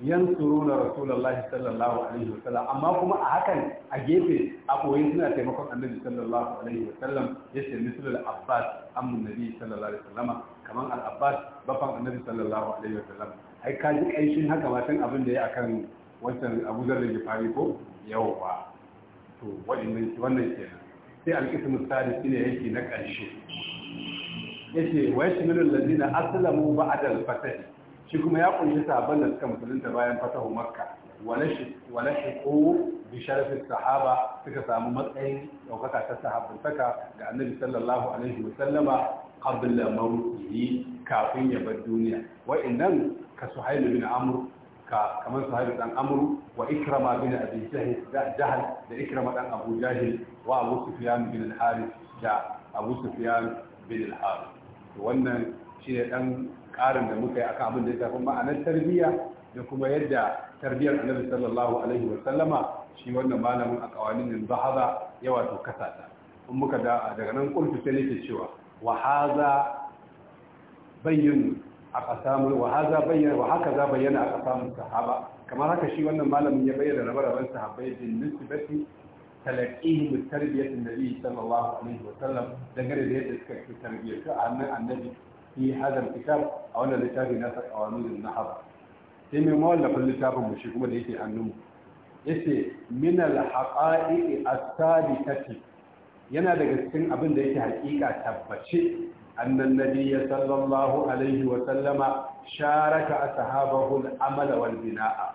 A: yan tsoro na rasulallahi sallallahu alaihi wasallam amma kuma a hakan a gefe a koyi suna taimakon annabi sallallahu alaihi wasallam yace misal al-abbas amma nabi sallallahu alaihi wasallam kamar al-abbas bafan annabi sallallahu alaihi wasallam ai ka ji aishin haka matan abin da ya akan wancan Abu da da fari ko ba? to wannan wannan kenan sai al-qismu tsari shine yake na ƙarshe. yace wa yashmilul ladina aslamu ba'da al-fath shi kuma ya kunshi sahabban da suka musulunta bayan fatahu makka wala shi wala shiqu bi sharafin sahaba suka samu matsayin daukaka ta sahabbantaka ga annabi sallallahu alaihi wa sallama qabla mawtihi kafin ya bar duniya wa'annan ka su suhailu bin Amur, ka kamar su suhailu dan Amur, wa ikrama bin abi jahal da ikrama dan abu jahil wa abu sufyan bin al-harith da abu sufyan bin al-harith wannan shi ne ɗan ƙarin da muka yi akan abin da ya tafi ma'anar tarbiyya da kuma yadda tarbiyyar annabi sallallahu alaihi wa sallama shi wannan malamin a kawanin bahaza ya wato kasata in muka da daga nan kurfi sai nake cewa wa haza bayyin a kasamu wa haza bayyana wa haka za bayyana a kasamun sahaba kamar haka shi wannan malamin ya bayyana rabe-raben sahabbai bin nisbati تلقيهم التربية النبي صلى الله عليه وسلم دقر يد التربية عن النبي في هذا الكتاب أو أن الكتاب ناس قوانين النحر تم مولف الكتاب مش كما ليتي عنهم yace min al-haqa'iq as-sabitati yana daga cikin abin da yake hakika tabbace annan nabiyya sallallahu alaihi wa sallama sharaka ashabahu al bina'a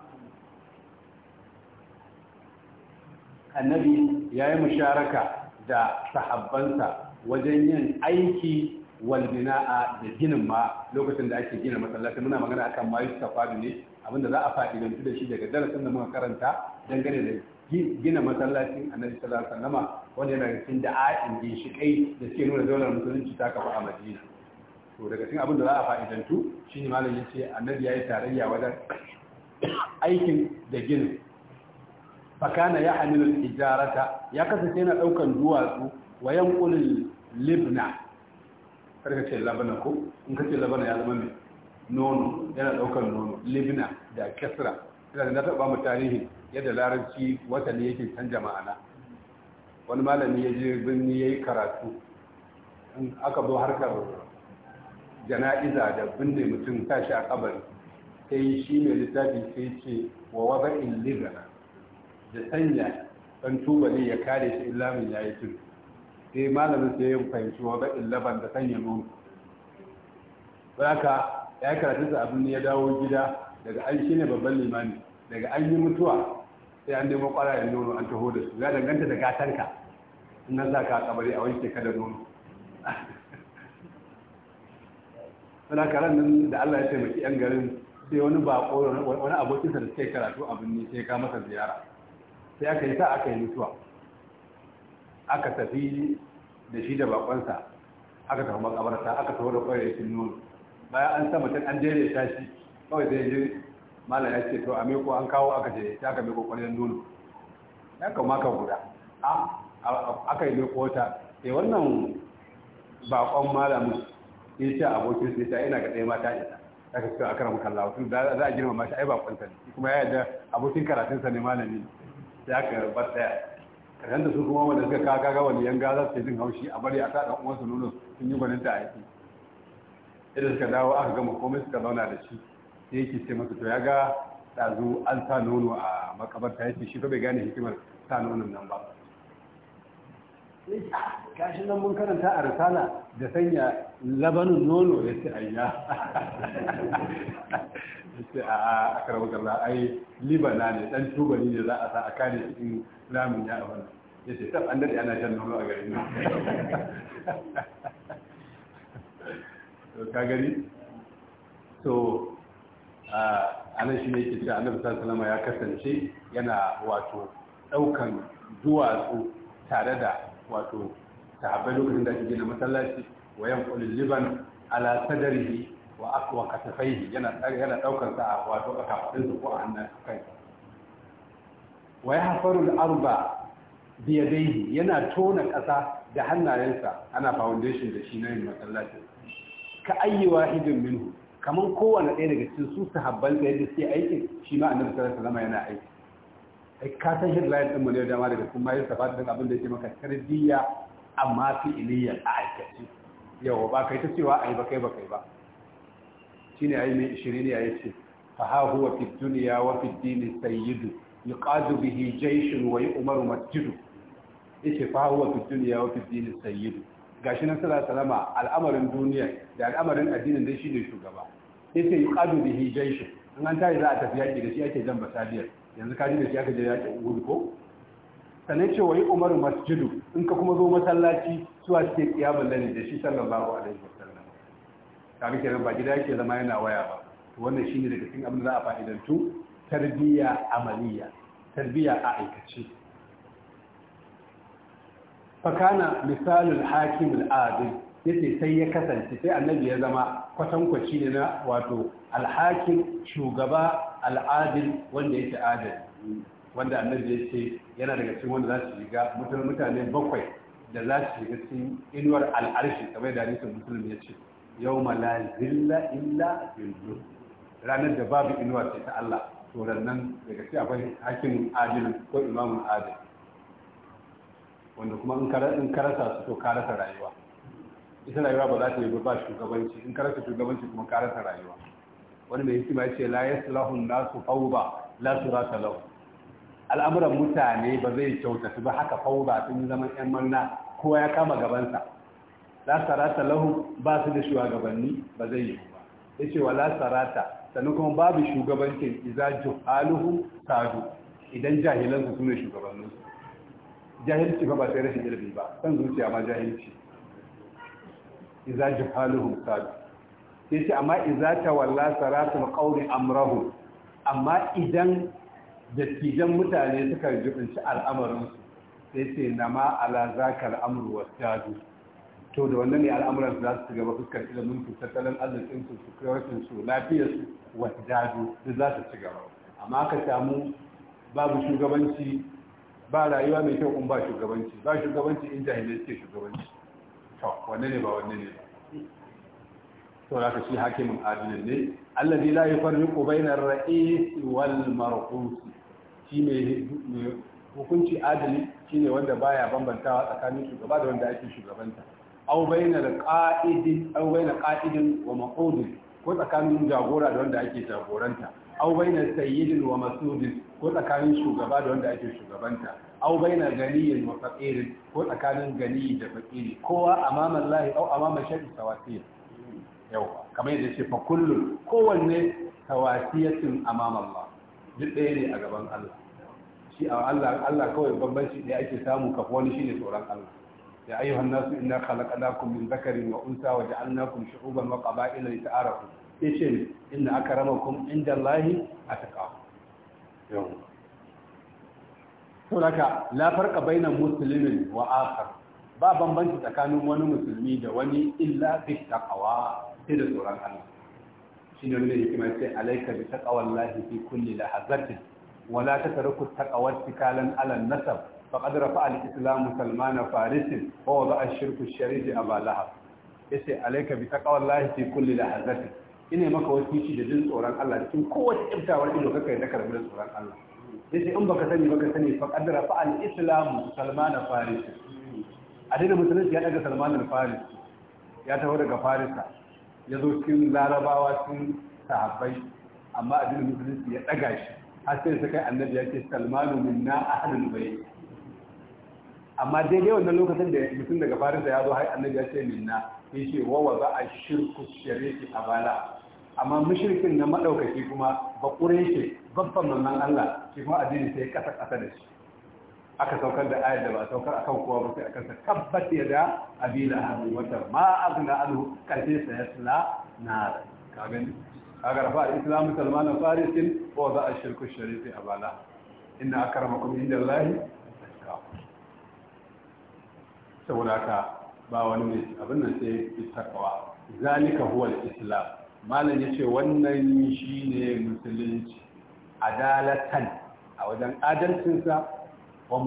A: annabi ya yi musharaka da sahabbansa wajen yin aiki a da ginin ma lokacin da ake gina masallaci muna magana akan mayu faɗi ne abinda za a fa'idantu da shi daga darasin da muka karanta dangane da gina masallacin annabi sallallahu alaihi wasallama wanda yana da cikin da'a'in kai da suke nuna daular musulunci ta kafa a madina to daga cikin abin da za a fa'idantu shine malam ce annabi yi tarayya wajen aikin da ginin fakana ya hannun hijarata ya kasance yana daukan duwatsu wa yanqulul libna karka ce labana ko in ka labana ya zama mai nono yana daukan nono libna da kasra tana da taba mu tarihi yadda larabci watanni yake canja ma'ana wani malami ya je birni yi karatu in aka zo harkar jana'iza da binne mutum tashi a kabari sai shi mai littafi sai ce wa wada'in libna da sanya ɗan tubali ya kare shi illamin ya yi tun sai eh, malamin sai yin fahimci wa ba illaban da sanya nono ka ya karatu su abin ya dawo gida daga an shine babban limani daga an yi mutuwa sai an nemo ƙwararren nono an taho da su ya danganta da gatanka in za ka kabari a wanke ka da nono suna karan nan da Allah ya taimaki 'yan garin sai wani bako wani abokinsa da suke karatu abin ne sai ka masa ziyara sai aka yi sa aka yi mutuwa aka tafi da shi da bakonsa aka tafi makabarta aka tafi da kwayoyin nuna bayan an sa mutum an jere ta shi kawai zai je malam ya ce to a meko an kawo aka je ta aka meko kwayoyin nuna ya kama ka guda a aka yi meko wata sai eh, wannan bakon malamin ya ce abokin sai ta ina ga ɗaya mata ita aka ce a karamu kallawa tun da za a girma mashi ai bakonsa ne kuma ya yarda abokin karatunsa ne malami ya aka rubar daya kadan da su kuma wanda suka kaga kaga wani yanga za su haushi a bari a sa dan uwansu nono sun yi gwanin ta aiki idan suka dawo aka gama komai suka zauna da shi sai yake ce masa to ya ga ɗazu an sa nono a makabarta yake shi fa bai gane hikimar sa nonon nan ba gashi nan mun karanta a risala da sanya labanin nono ya ce a ya ce a a karabar kalla ai libana ne dan tubali ne za a sa a kare cikin ramin ya abin ya ce tab an daɗe ana shan nono a garin nan To ka gani to a nan shi ne ke ce annabi sallallahu ya kasance yana wato ɗaukan duwatsu tare da wato sahabbai lokacin da ake gina masallaci wa yanqulul liban ala sadarihi wa aqwa katafaihi yana yana daukar sa wato a kafadin su ko a hannun kai wa ya hafaru al-arba bi yadayhi yana tona ƙasa da hannayensa ana foundation da shi na yin masallaci ka ayyi wahidin minhu kaman kowanne ɗaya daga cikin su sahabban da yadda suke aikin shi ma annabi sallallahu alaihi wasallam yana aiki ka san headline din mu ne dama daga kuma yin sabata daga abin da ke maka tarbiyya amma fi iliyya a aikace Yau ba kai ta cewa ai ba kai ba kai ba shine ai mai shiri ne yayi ce fa ha huwa fi dunya wa fi din sayyid yuqadu bihi jayshun wa yu'maru masjidu yace fa huwa fi dunya wa fi din Ga gashi nan sallallahu alaihi wasallam al'amarin duniya da al'amarin addinin dai shine shugaba yace yuqadu bihi jayshun an tayi za a tafi yaki da shi ake jan basadiyar yanzu ka da shi aka je yaƙin uhud ko sannan ce wai umar masjidu in ka kuma zo masallaci suwa suke kiyamun lalle da shi sallallahu alaihi wasallam ke kenan ba gida yake zama yana waya ba to wannan shine daga cikin abin da za a fa'idantu tarbiyya amaliya tarbiyya a aikace fakana misalul hakim al-adil yace sai ya kasance sai annabi ya zama kwatankwaci ne na wato alhakim shugaba al'adil wanda yake adil wanda annabi ya ce yana daga cikin wanda za su shiga mutane bakwai da za su shiga cikin inuwar al'arshi kamar da hadisin musulun ya ce yau la zilla illa billu ranar da babu inuwar ce ta Allah to nan daga cikin akwai hakimin adil ko imamun adil wanda kuma in karasa su to karasa rayuwa ita rayuwa ba za ta yi ba shugabanci in karasa shugabanci kuma karasa rayuwa wani mai hikima ya ce la yaslahu nasu fawba la surata lahu al'amuran mutane ba zai su ba haka fawba sun zama yan manna kowa ya kama gabansa la sarata lahu ba su da shugabanni ba zai yi ba yace wala sarata sannan kuma babu shugabancin iza juhaluhu sadu idan jahilan su ne shugabannin su jahilci ba ba sai rashin ilimi ba san zuciya ma jahilci iza juhaluhu sadu sai ce amma iza ta walla saratul qawli amrahu amma idan dattijan mutane suka jibinci al'amarin sai ce nama ala zakal amru wasjadu to da wannan ne al'amuran za su gaba fuskar ilimin su tattalin arzikin su su kirkin su lafiyar su wasjadu da za su ci gaba amma ka samu babu shugabanci ba rayuwa mai kyau in ba shugabanci ba shugabanci in jahilai ke shugabanci to wanne ne ba wanne ne ba saboda shi hakimin adilin ne allazi la yufarriqu bainar ra'is wal marqus shi ne hukunci adali shine wanda baya bambantawa tsakanin shugaba da wanda ake shugabanta aw bainar qa'idin aw bainar qa'idin wa maqudin ko tsakanin jagora da wanda ake jagoranta aw bainar sayyidin wa masudin ko tsakanin shugaba da wanda ake shugabanta aw bainar ganiyin wa faqirin ko tsakanin ganiyi da faqiri kowa amama Allah aw amama shari'a sawasiyya yawa kamar yadda ce fa kullum kowanne tawasiyatin amam Allah duk ɗaya ne a gaban Allah shi a Allah Allah kawai bambanci ne ake samu kafa wani shine tsoron Allah ya ayyuhan nasu inna khalaqnakum min dhakarin wa unsa wa ja'alnakum shu'uban wa qaba'ila lita'arafu yace inna akramakum inda Allahi ataqakum yawa to laka la farqa bainal muslimin wa akhar ba bambanci tsakanin wani musulmi da wani illa bi taqwa sai da tsoron Allah shi ne wanda yake mai sai alaika bi taqwallahi fi kulli lahazatin tikalan ala nasab faqad rafa al-islam wa wada shirku aba yace alaika bi fi kulli ina maka da jin tsoron Allah cikin kowace ibtawar ido kaka yi dakar da tsoron Allah yace in baka sani baka sani faqad rafa al-islam salmana farisin adina musulunci ya daga ya taho daga farisa ya zo cikin larabawa sun sahabai amma abin musulunci ya ɗaga shi har sai sai kai annabi ya ce salmanu minna a hannun bai, amma daidai wannan lokacin da mutum daga farisa ya zo har annabi ya ce minna ya ce wa za a shirku shirki a bala amma mushrikin na madaukaki kuma ba ƙure shi babban mamman Allah shi kuma addini sai kasa kasa da shi aka saukar da ayar da ba saukar akan kowa ba sai akan sa tabbat ya da abi lahab wata ma azna anhu kace sa yasla nar kagan aga rafa islamu salmanu farisin wa za a shirku sharifi sharif abala inna akramakum inda Allah saboda ka ba wani ne abin nan sai takawa zalika huwal islam malam yace wannan shine musulunci adalatan a wajen adalcinsa wa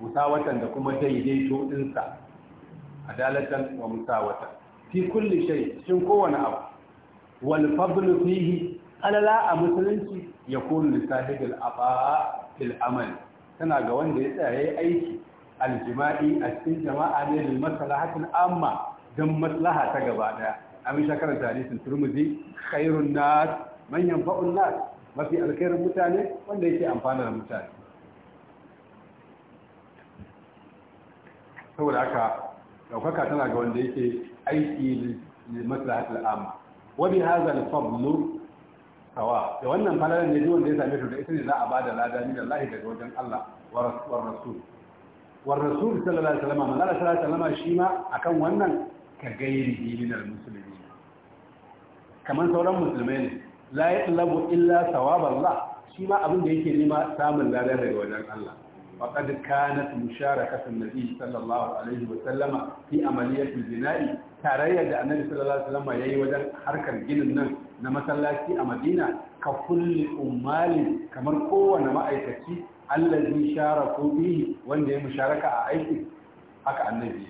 A: musawatan da kuma daidaito dinsa adalatan wa musawata. fi kulli shay cikin kowane abu wal fadlu fihi alala a musulunci ya kunu li sahibil afa fil amal tana ga wanda ya tsaya yayi aiki aljima'i a cikin jama'a ne lil maslahatin amma dan maslaha ta gaba daya amin shakaran hadisin turmuzi khairun nas man yanfa'un nas mafi alkhairin mutane wanda yake amfana da mutane saboda aka daukaka tana ga wanda yake aiki da maslahatul amma wa bi hadha al-fadl sawa da wannan falalan ne wanda ya same shi da ita ne za a bada lada ni lahi daga wajen Allah wa rasul wa rasul sallallahu alaihi wasallam manala sallallahu alaihi wasallam shi ma akan wannan ka gairi dinin musulmi kamar sauran musulmai ne la yatlabu illa sawaballah shi ma abin da yake nema samun lada daga wajen Allah faqad kanat musharakatu nabi sallallahu alaihi wa sallama fi amaliyati bina'i tarayya da annabi sallallahu alaihi wa sallama yayi wajen harkar ginin nan na masallaci a Madina ka kulli ummali kamar kowane ma'aikaci allazi sharaku bihi wanda ya musharaka a aiki haka annabi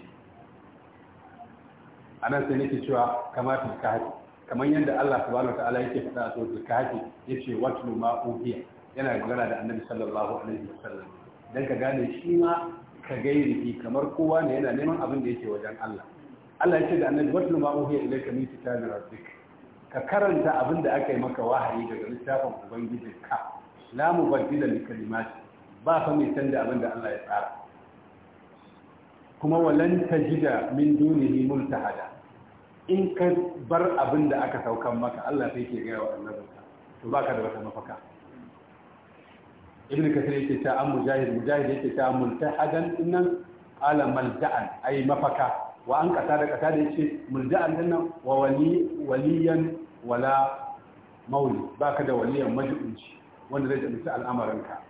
A: anan sai nake cewa kamata ka haɗu kamar yadda Allah subhanahu wataala yake faɗa a suratul kahfi yace watlu ma uhiya yana magana da annabi sallallahu alaihi sallam don ka gane shi ma ka gairi kamar kowa ne yana neman abin da yake wajen Allah Allah yace da annabi watlu ma uhiya ilayka min kitabi rabbik ka karanta abin da aka yi maka wahayi daga littafin ubangijinka la mubaddila li kalimati ba fa mai canza abin da Allah ya tsara kuma walanta tajida min dunihi multahada in ka bar abin da aka saukan maka Allah sai ke gaya wa annabinsa to baka da wata mafaka ibn kathir yake ta an mujahid mujahid yake ta multahadan innan ala malja'an ay mafaka wa an kata da kata da yace mulja'an dinnan wa wali waliyan wala mauli baka da waliyan majunci wanda zai tsamsa ka.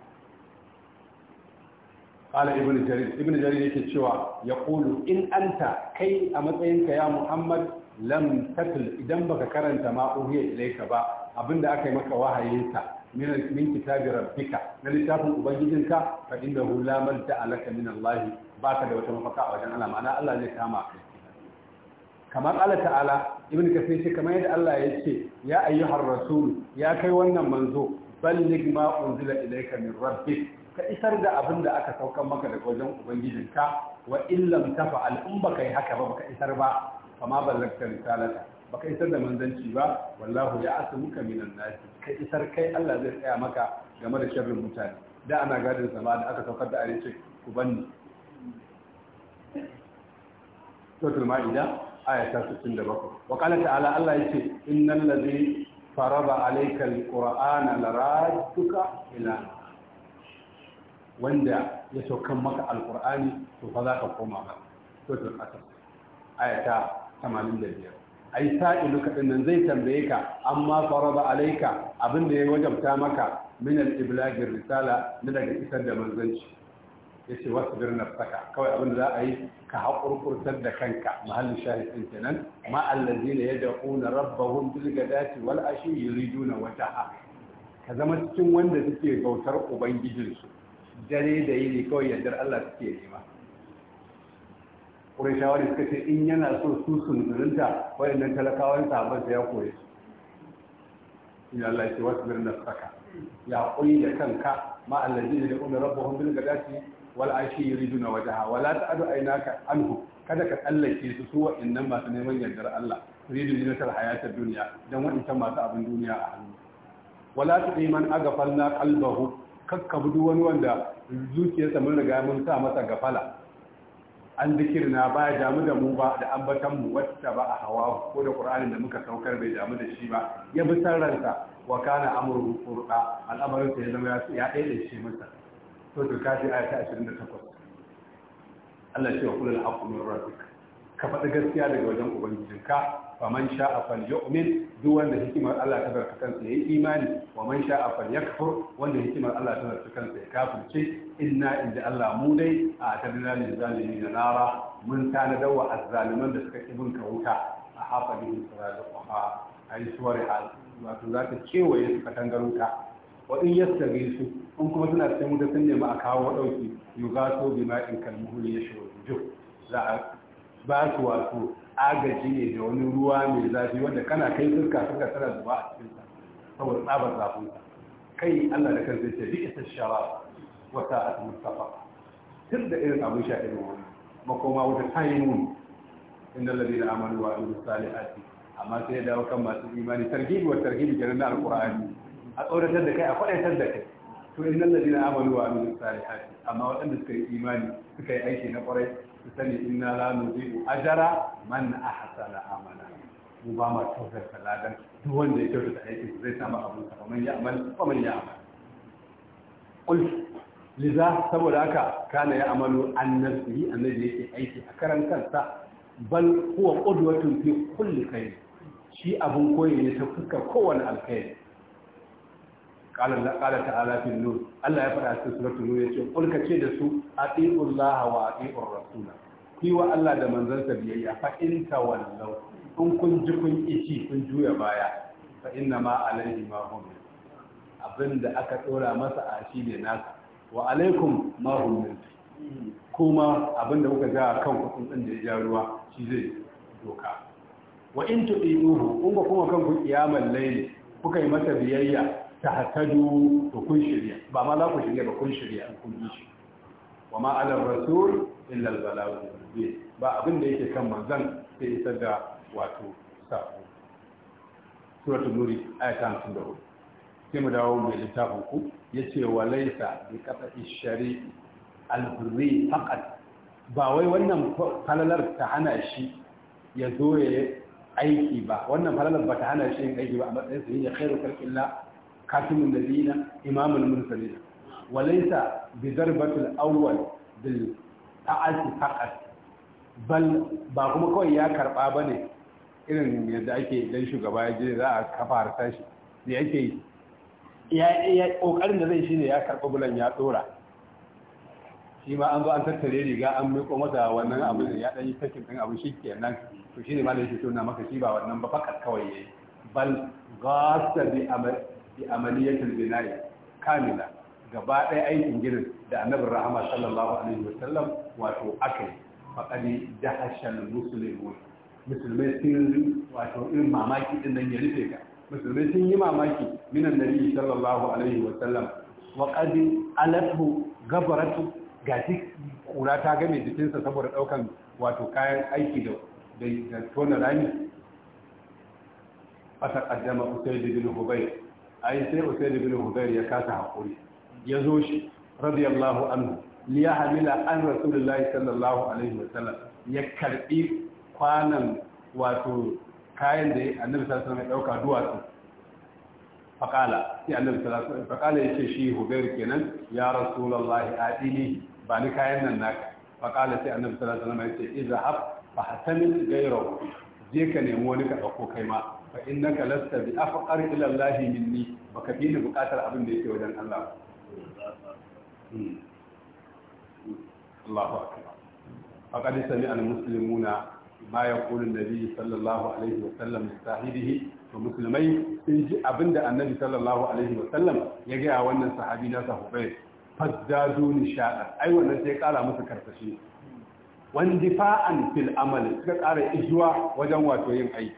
A: qala ibn jarir ibn jarir yake cewa ya ƙulu in anta kai a matsayinka ya muhammad lam tatul idan baka karanta ma uhiya ilayka ba abinda aka yi maka wahayinsa min kitabi rabbika na littafin ubangijinka fa innahu la malta alaka min Allah baka da wata mafaka a wajen Allah ma'ana Allah zai kama kai kamar Allah ta'ala ibn kasir shi kamar yadda Allah ya ce ya ayyuhar Rasulu ya kai wannan manzo balligh ma unzila ilaika min rabbik ka isar da abin da aka saukan maka daga wajen ubangijinka wa illam tafa'al in baka yi haka ba baka isar ba fama ballagta risalata baka isar da manzanci ba wallahu ya asmuka minan nasi ka isar kai Allah zai tsaya maka game da sharrin mutane da ana gadin sama da aka saukar da are ce ku banni suratul ma'ida aya ta 67 wa qala ta'ala Allah yace innal ladhi faraba alayka alqur'ana laradduka ila wanda ya saukan maka alkur'ani to fa za ka koma ba suratul qasas ayata 85 ai sa'ilu kadin nan zai tambaye ka amma faraba alaika abin da ya wajabta maka min al-iblagir risala na daga isar da manzanci yace wasbir saka. kawai abin da za a yi ka haƙurƙurtar da kanka mahallin shahid kenan ma allazina yad'una rabbahum bil ghadati wal ashi yuriduna wajha ka zama cikin wanda suke bautar ubangijinsu dare da yini kawai yardar Allah suke nema Qurayshawa da suka ce in yana so su sunzurunta wayannan talakawan sahabban sa ya koye su ya Allah ce wasu birnin saka ya koyi da kanka ma allazi da umma rabbuhum bil gadati wal ashi yuriduna wajha wala ta'du ka anhu kada ka tsallake su su waɗannan masu neman yardar Allah yuridu zinatar hayatar duniya dan wa'annan masu abin duniya a hannu wala tu'i man aghfalna qalbahu kakkabu duk wani wanda zuciyarsa mun riga mun sa masa gafala an zikirna ba ya damu da mu ba da ambatan mu wata ba a hawa ko da qur'anin da muka saukar bai damu da shi ba ya bi san ransa wa kana amru qur'a al'amarin ya zama ya da shi masa to to kafi ayata 28 Allah ya ce wa kullu al-aqul rabbika ka faɗi gaskiya daga wajen ubangijinka Wa man sha'a falyu'min duk wanda hikimar Allah ta barka kansa yayi imani wa man sha'a falyakfur wanda hikimar Allah ta barka kansa ya kafirce inna inda Allah mu dai a tadina lil zalimin nara mun tana dawa azzaliman da suka ibin ka wuta a hafa bihi siratuha ai suwari hal wato za ta kewaye su katangar wuta wa in yastaghi su in kuma suna cikin wuta sun nemi a kawo dauki yugaso bima in kalmuhu yashuru za a ba su wato agaji ne da wani ruwa mai zafi wanda kana kai fuska suka tana zuba a cikin sa saboda tsabar zafin sa kai Allah da kansa ce duk ita shara wa sa'at mustafa tun da irin abun sha irin wani makoma wata tayimun inda ladina amanu wa amilu salihati amma sai ya dawo kan masu imani tarhibi wa tarhibi kenan na alqur'ani a tsoratar da kai a kwadaitar da kai to innal ladina amanu wa amilu salihati amma waɗanda suka yi imani suka yi aiki na kwarai sani inna la nuzi'u ajara man ahsana amala mu ba ma tofar saladan duk wanda ya da aikin zai samu abin sa kamar ya amal man ya amal qul liza saboda haka kana ya amalu annabi annabi yake aiki a karan kansa bal huwa qudwatun fi kulli khair shi abun koyi ne ta fuskar kowane alkhairi qala ta'ala fil nur Allah ya faɗa cikin suratul nur yace kul ce da su atiullaha wa atiur rasula ki wa Allah da manzansa biyayya fa in tawallaw in kun ji kun ishi kun juya baya fa inna ma alaihi ma hum abinda aka tsora masa a shi ne naka, wa alaikum ma hum kuma abinda kuka ga kan kuɗin din da ya ja shi zai doka wa in tu'iduhu kun ga kuma kan ku kiyamar layli kuka yi masa biyayya ta hatadu to kun shirya ba ma za ku shirya ba kun shirya an kun shi wa ma ala rasul illa al-balagh ba abin da yake kan manzan sai isa da wato sako suratul nuri ayata 54 sai mu dawo mai littafin ku yace wa laysa bi qat'i shari'i al-hurri faqat ba wai wannan falalar ta hana shi ya zo ya aiki ba wannan falalar ba ta hana shi yin aiki ba a matsayin sa ya khairu kalkilla katimun nabiyina imamul mursalin walaysa bi darbatil awwal bil ta'ati faqat bal ba kuma kawai ya karba bane irin yadda ake dan shugaba ya je za a kafa harsa shi da yake ya ya kokarin da zai shine ya karba bulan ya dora shi ma an zo an tattare riga an miko mata wannan abu ya dan yi sakin din abu shikenan to shine ma da yake tona maka shi ba wannan ba fakat kawai yayi bal gasa bi amr fi amaliyatul binaya kamila gaba ɗaya aikin ginin da annabin rahama sallallahu alaihi wa sallam wato akai faɗi dahashal musulmi musulmai sun wato irin mamaki din nan ya rufe ka musulmai sun yi mamaki minan nabi sallallahu alaihi wa sallam wa qadi alatu gabaratu gati kura ta game jikinsa saboda daukan wato kayan aiki da da tona rami fasa qaddama usayd bin hubayr Ayi sai da ibn hudari ya kasa hakuri ya zo shi radiyallahu anhu li hamila an rasulullahi sallallahu alaihi wasallam ya karbi kwanan wato kayan da annabi sallallahu alaihi wasallam ya dauka duwatsu faqala sai annabi sallallahu alaihi faqala yace shi hudayr kenan ya rasulullahi adili ba ni kayan nan naka faqala sai annabi sallallahu alaihi wasallam yace izhab fa hatamil ghayrahu je ka nemi wani ka dauko kai ma fa innaka lasta bi afqar ila Allah minni baka bi ni bukatar abin da yake wajen Allah hmm. Allahu akbar faqad sami'a al-muslimuna ma yaqulu nabi sallallahu alaihi wa sallam li sahibihi to musulmai sun ji abinda annabi sallallahu alaihi wa sallam ya ga wannan sahabi na sahubai fazzadu nisha'a ai wannan sai kara musu karfashi wandifa'an fil amali suka kara ijuwa wajen wato yin aiki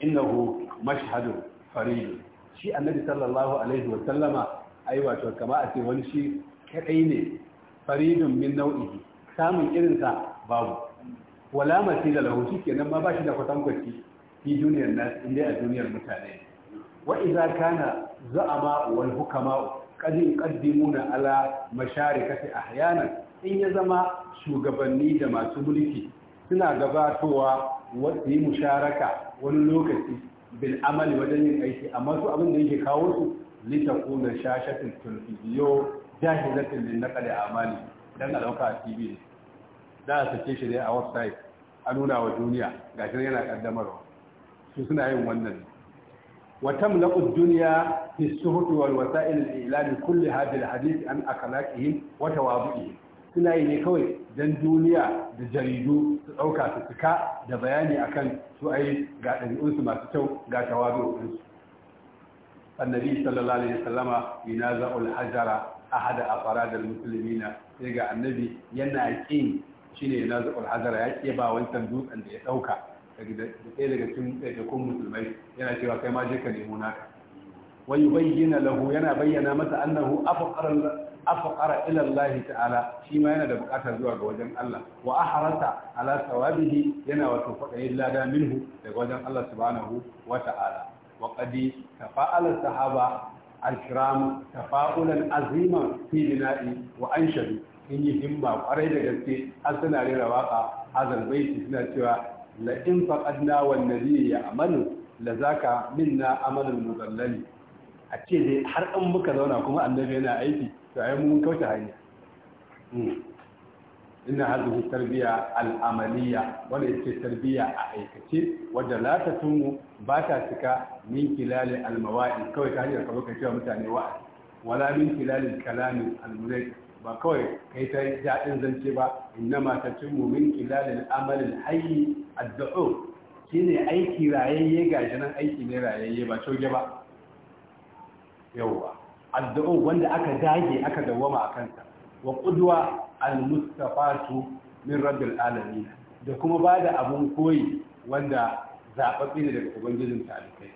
A: innahu mashhadun farid shi annabi sallallahu alaihi wa sallama ai wato kama a ce wani shi kadai ne faridun min nau'i. samun irinsa babu wala masila lahu shi kenan ma bashi da kwatankwaci fi duniyar nas inda a duniyar mutane wa idza kana za'ama wal hukama qad yuqaddimuna ala masharikati ahyanan in ya zama shugabanni da masu mulki suna gabatowa wasu yi musharaka wani lokaci bil amali wajen yin aiki amma su abin da yake kawo su litakuna shashatin tulfiyo jahilatin lin naqli amali dan alauka a TV za a sake shi ne a website a nuna wa duniya ga shi yana kaddamarwa su suna yin wannan wa tamlaqu ad-dunya bis-suhut wal wasa'il al kulli hadhihi hadisi an akhlaqihim wata wabui suna yi ne kawai don duniya da jaridu su ɗauka su cika da bayani akan su ai ga ɗari'unsu masu kyau ga tawazu'unsu annabi sallallahu alaihi wasallama yanaza'ul hajara ahada afaradal Musulmina, sai ga annabi yana kin shine yanaza'ul hajara ya ke ba wancan dutsen da ya ɗauka daga ɗaya daga cikin ɗaiɗaikun musulmai yana cewa kai ma je ka nemo naka Wai bayyana lahu yana bayyana masa annahu afqara Afaƙara ilallahi ta'ala shi ma yana da bukatar zuwa ga wajen Allah wa aharata ala sawabihi yana wato fadayin lada minhu daga wajen Allah subhanahu wa ta'ala wa qad tafa'ala sahaba al-kiram tafa'ulan azima fi bina'i wa anshadu in yi himma kwarai da gaske har suna rera waka hazal baiti suna cewa la in faqadna wan nabiyyi ya'malu la zaka minna amalul mudallali a ce dai har in muka zauna kuma annabi yana aiki to ai mun kauce hanya hmm. inna hadhihi tarbiya al'amaliya wanda yake tarbiya a aikace wadda la ta tumu ba ta cika min kilali almawai kawai ta hanyar kamar kai cewa mutane wa'azi wala min kilali kalami almulai ba kawai kai ta daɗin zance ba inna ma ta tumu min kilali al'amalin hayyi addu'u shine aiki rayayye gashi nan aiki ne rayayye ba coge ba ba. addu'un wanda aka dage aka dawama a kansa wa ƙudwa al-mustafatu min rabbil alamin da kuma ba da abun koyi wanda zaɓaɓɓe ne daga ubangijin talibai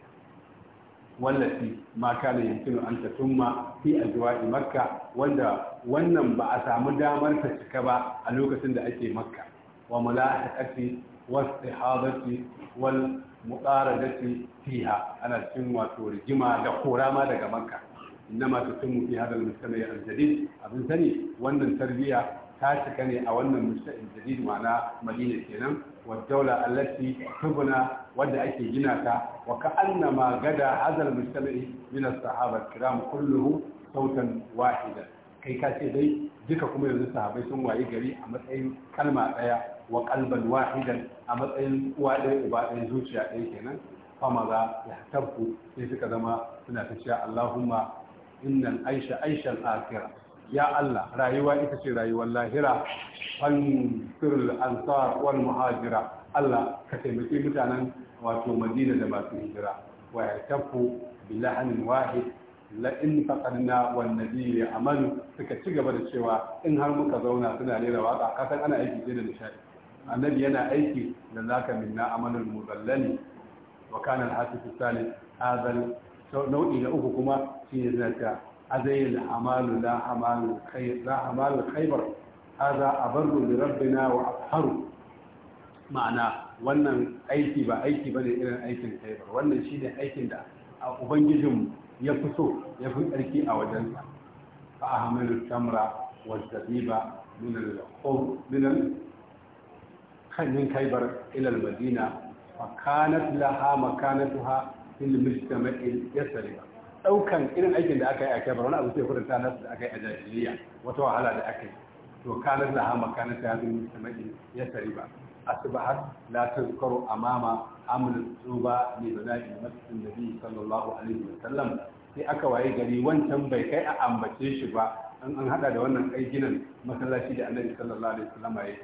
A: wallafi ma kana yankinu an tatumma fi ajwa'i makka wanda wannan ba a samu damar ta cika ba a lokacin da ake makka wa mulahaqati wastihadati wal muqaradati fiha ana cikin wato rigima da kora ma daga makka إنما تتم في هذا المجتمع الجديد أبن ثاني وأن التربية تاتك أو أن المجتمع الجديد معنا مدينة كنم والدولة التي تبنى ودعت جناك وكأنما غدا هذا المجتمع من الصحابة الكرام كله صوتا واحدا kai ka ce dai duka kuma yanzu sahabai sun wayi gari a matsayin kalma ɗaya, wa kalban wahidan a matsayin uwa ɗaya uba ɗaya zuciya ɗaya kenan fama za ya tabbu sai suka zama suna ta cewa Allahumma Innan aisha aishan akhira ya Allah rayuwa ita ce rayuwar lahira fansirul ansar wal muhajira Allah ka taimaki mutanen wato Madina da masu hijira wa yartafu bilahanin wahid la in faqadna wan nabi amalu suka ci gaba da cewa in har muka zauna suna rera waka san ana aiki da nishadi annabi yana aiki da zaka minna amanar mudallali wa kana al-hafiz salih hadha nau'i na uku kuma shi ne zai azai azayil amalu la amalu khayr la amalu khaybar hadha abarru li rabbina wa ma'ana wannan aiki ba aiki bane irin aikin khaybar wannan shine aikin da ubangijin ya fi so ya fi tsarki a wajensa fa ahmalu tamra wa zabiba min al-khum min al-khaybar ila al-madina fa kanat laha makanatuha fil mujtama'il yasriba daukan irin aikin da aka yi a kabar wani abu sai kudin tana da aka yi a jahiliya wata wahala da aka yi to kanar da hama kanar ta bin mujtama'il yasriba asbahat la tazkaru amama amr zuba ni bala'i masjidin nabi sallallahu alaihi wa sallam sai aka waye gari wancan bai kai a ambace shi ba an hada da wannan aikinan masallaci da annabi sallallahu alaihi wa sallam ya yi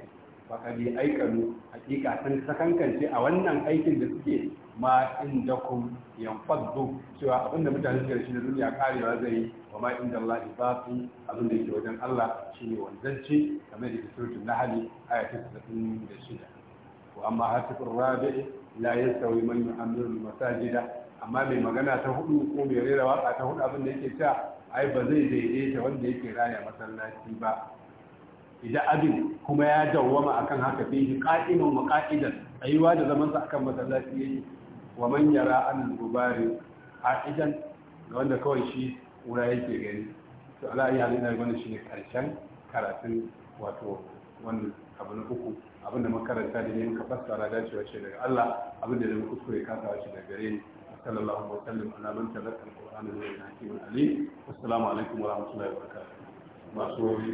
A: faƙari aikanu hakika sun sakankance a wannan aikin da suke ma inda kun yanfaddu cewa abin da mutane suke shi na duniya karewa zai yi wa ma inda Allah ibatu da yake wajen Allah shine wanzanci kamar da suratul nahl aya ta 66 wa amma hasibur rabi la yasawi man yu'amiru masajida amma mai magana ta hudu ko mai rera waka ta hudu abinda yake ta ai ba zai daidaita wanda yake raya masallaci ba idan abin kuma ya dawwama akan haka fi qa'imun wa qa'idan ayuwa da zaman sa akan masallaci yayi wa man yara an gubari qa'idan ga wanda kawai shi wura yake gani to ala ya ne wannan ne karshen karatun wato wannan abu na uku abin da makaranta da yin muka fassara dacewa ce daga Allah abin da muka kuskure kasawa ce daga gare ni sallallahu alaihi wa sallam ala man tabaraka alquran wa alihi wa sallam alaikum wa rahmatullahi wa barakatuh masu wuri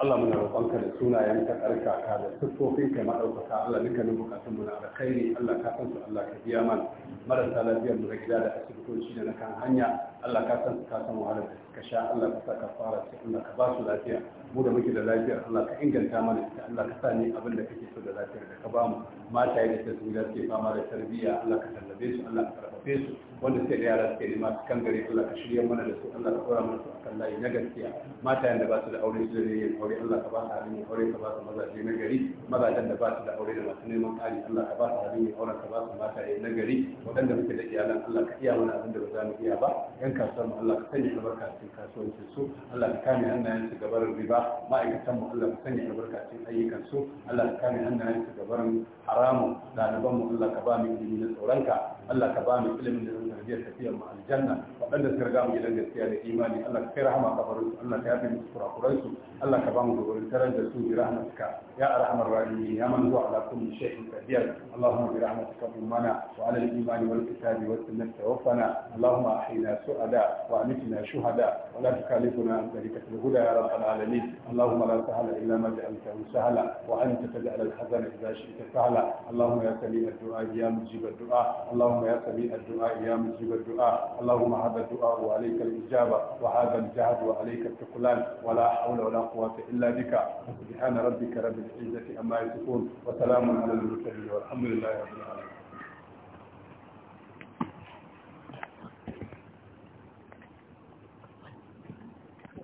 A: Allah muna roƙonka da sunayenka tsarkaka da siffofinka maɗaukaka Allah dukkanin bukatun mu na alkhairi Allah ka san su Allah ka biya mana marasa lafiyar mu na gida da asibitoci da na kan hanya Allah ka san su ka san wahalar da suka sha Allah ka sa ka fara su Allah ka ba su lafiya mu da muke da lafiyar Allah ka inganta mana ita Allah ka sa ni abin da kake so da lafiyar da ka ba mu mata da ta zuwa ke fama da tarbiyya Allah ka tallabe su Allah ka karfafe su wanda suke da yara suke nema su kan gare Allah ka shirya mana da su Allah ka kora mana su akan layi na gaskiya matayen da ba su da aure su da yin aure Allah ka ba su halin yin aure ka ba su mazaje na gari mazajen da ba su da aure da masu neman ƙari Allah ka ba su halin yin aure ka ba su mataye na gari waɗanda muke da iyalan Allah ka iya mana abin da ba za mu iya ba yan kasuwar mu Allah ka sanya albarka cikin kasuwancin su Allah ka kame hannayen su gabarin riba ma'aikatan mu Allah ka sanya albarka cikin ayyukan su Allah ka kame hannayen su gabarin haramu, ɗaliban mu Allah ka ba mu ilimi na tsoronka Allah ka ba mu ilimin da zai tafiyar mu aljanna waɗanda suka riga mu gidan gaskiya da imani Allah ka kai rahama kabarin su Allah ka yafe musu kurakuran su Allah ka ba mu dogorin tarar da su bi rahmatika ya arhamar rahimin ya man zuwa ala kulli shay'in qadir Allahumma bi rahmatika mana wa ala al-imani wal kitabi wa sunnati tawaffana Allahumma ahyina su'ada wa amitna shuhada wa la tukallifna tarikatul huda ya rabbal alamin Allahumma la sahla illa ma ja'altahu sahla wa anta taj'al al-hazana idha shi'ta sahla Allahumma ya sami ad-du'a ya mujib ad-du'a Allahumma ya sami ad-du'a ya mujib ad-du'a Allahumma الدعاء وعليك الإجابة وهذا الجهد وعليك التقلان ولا حول ولا قوة إلا بك سبحان ربك رب العزة أما يصفون وسلام على المرسلين والحمد لله رب العالمين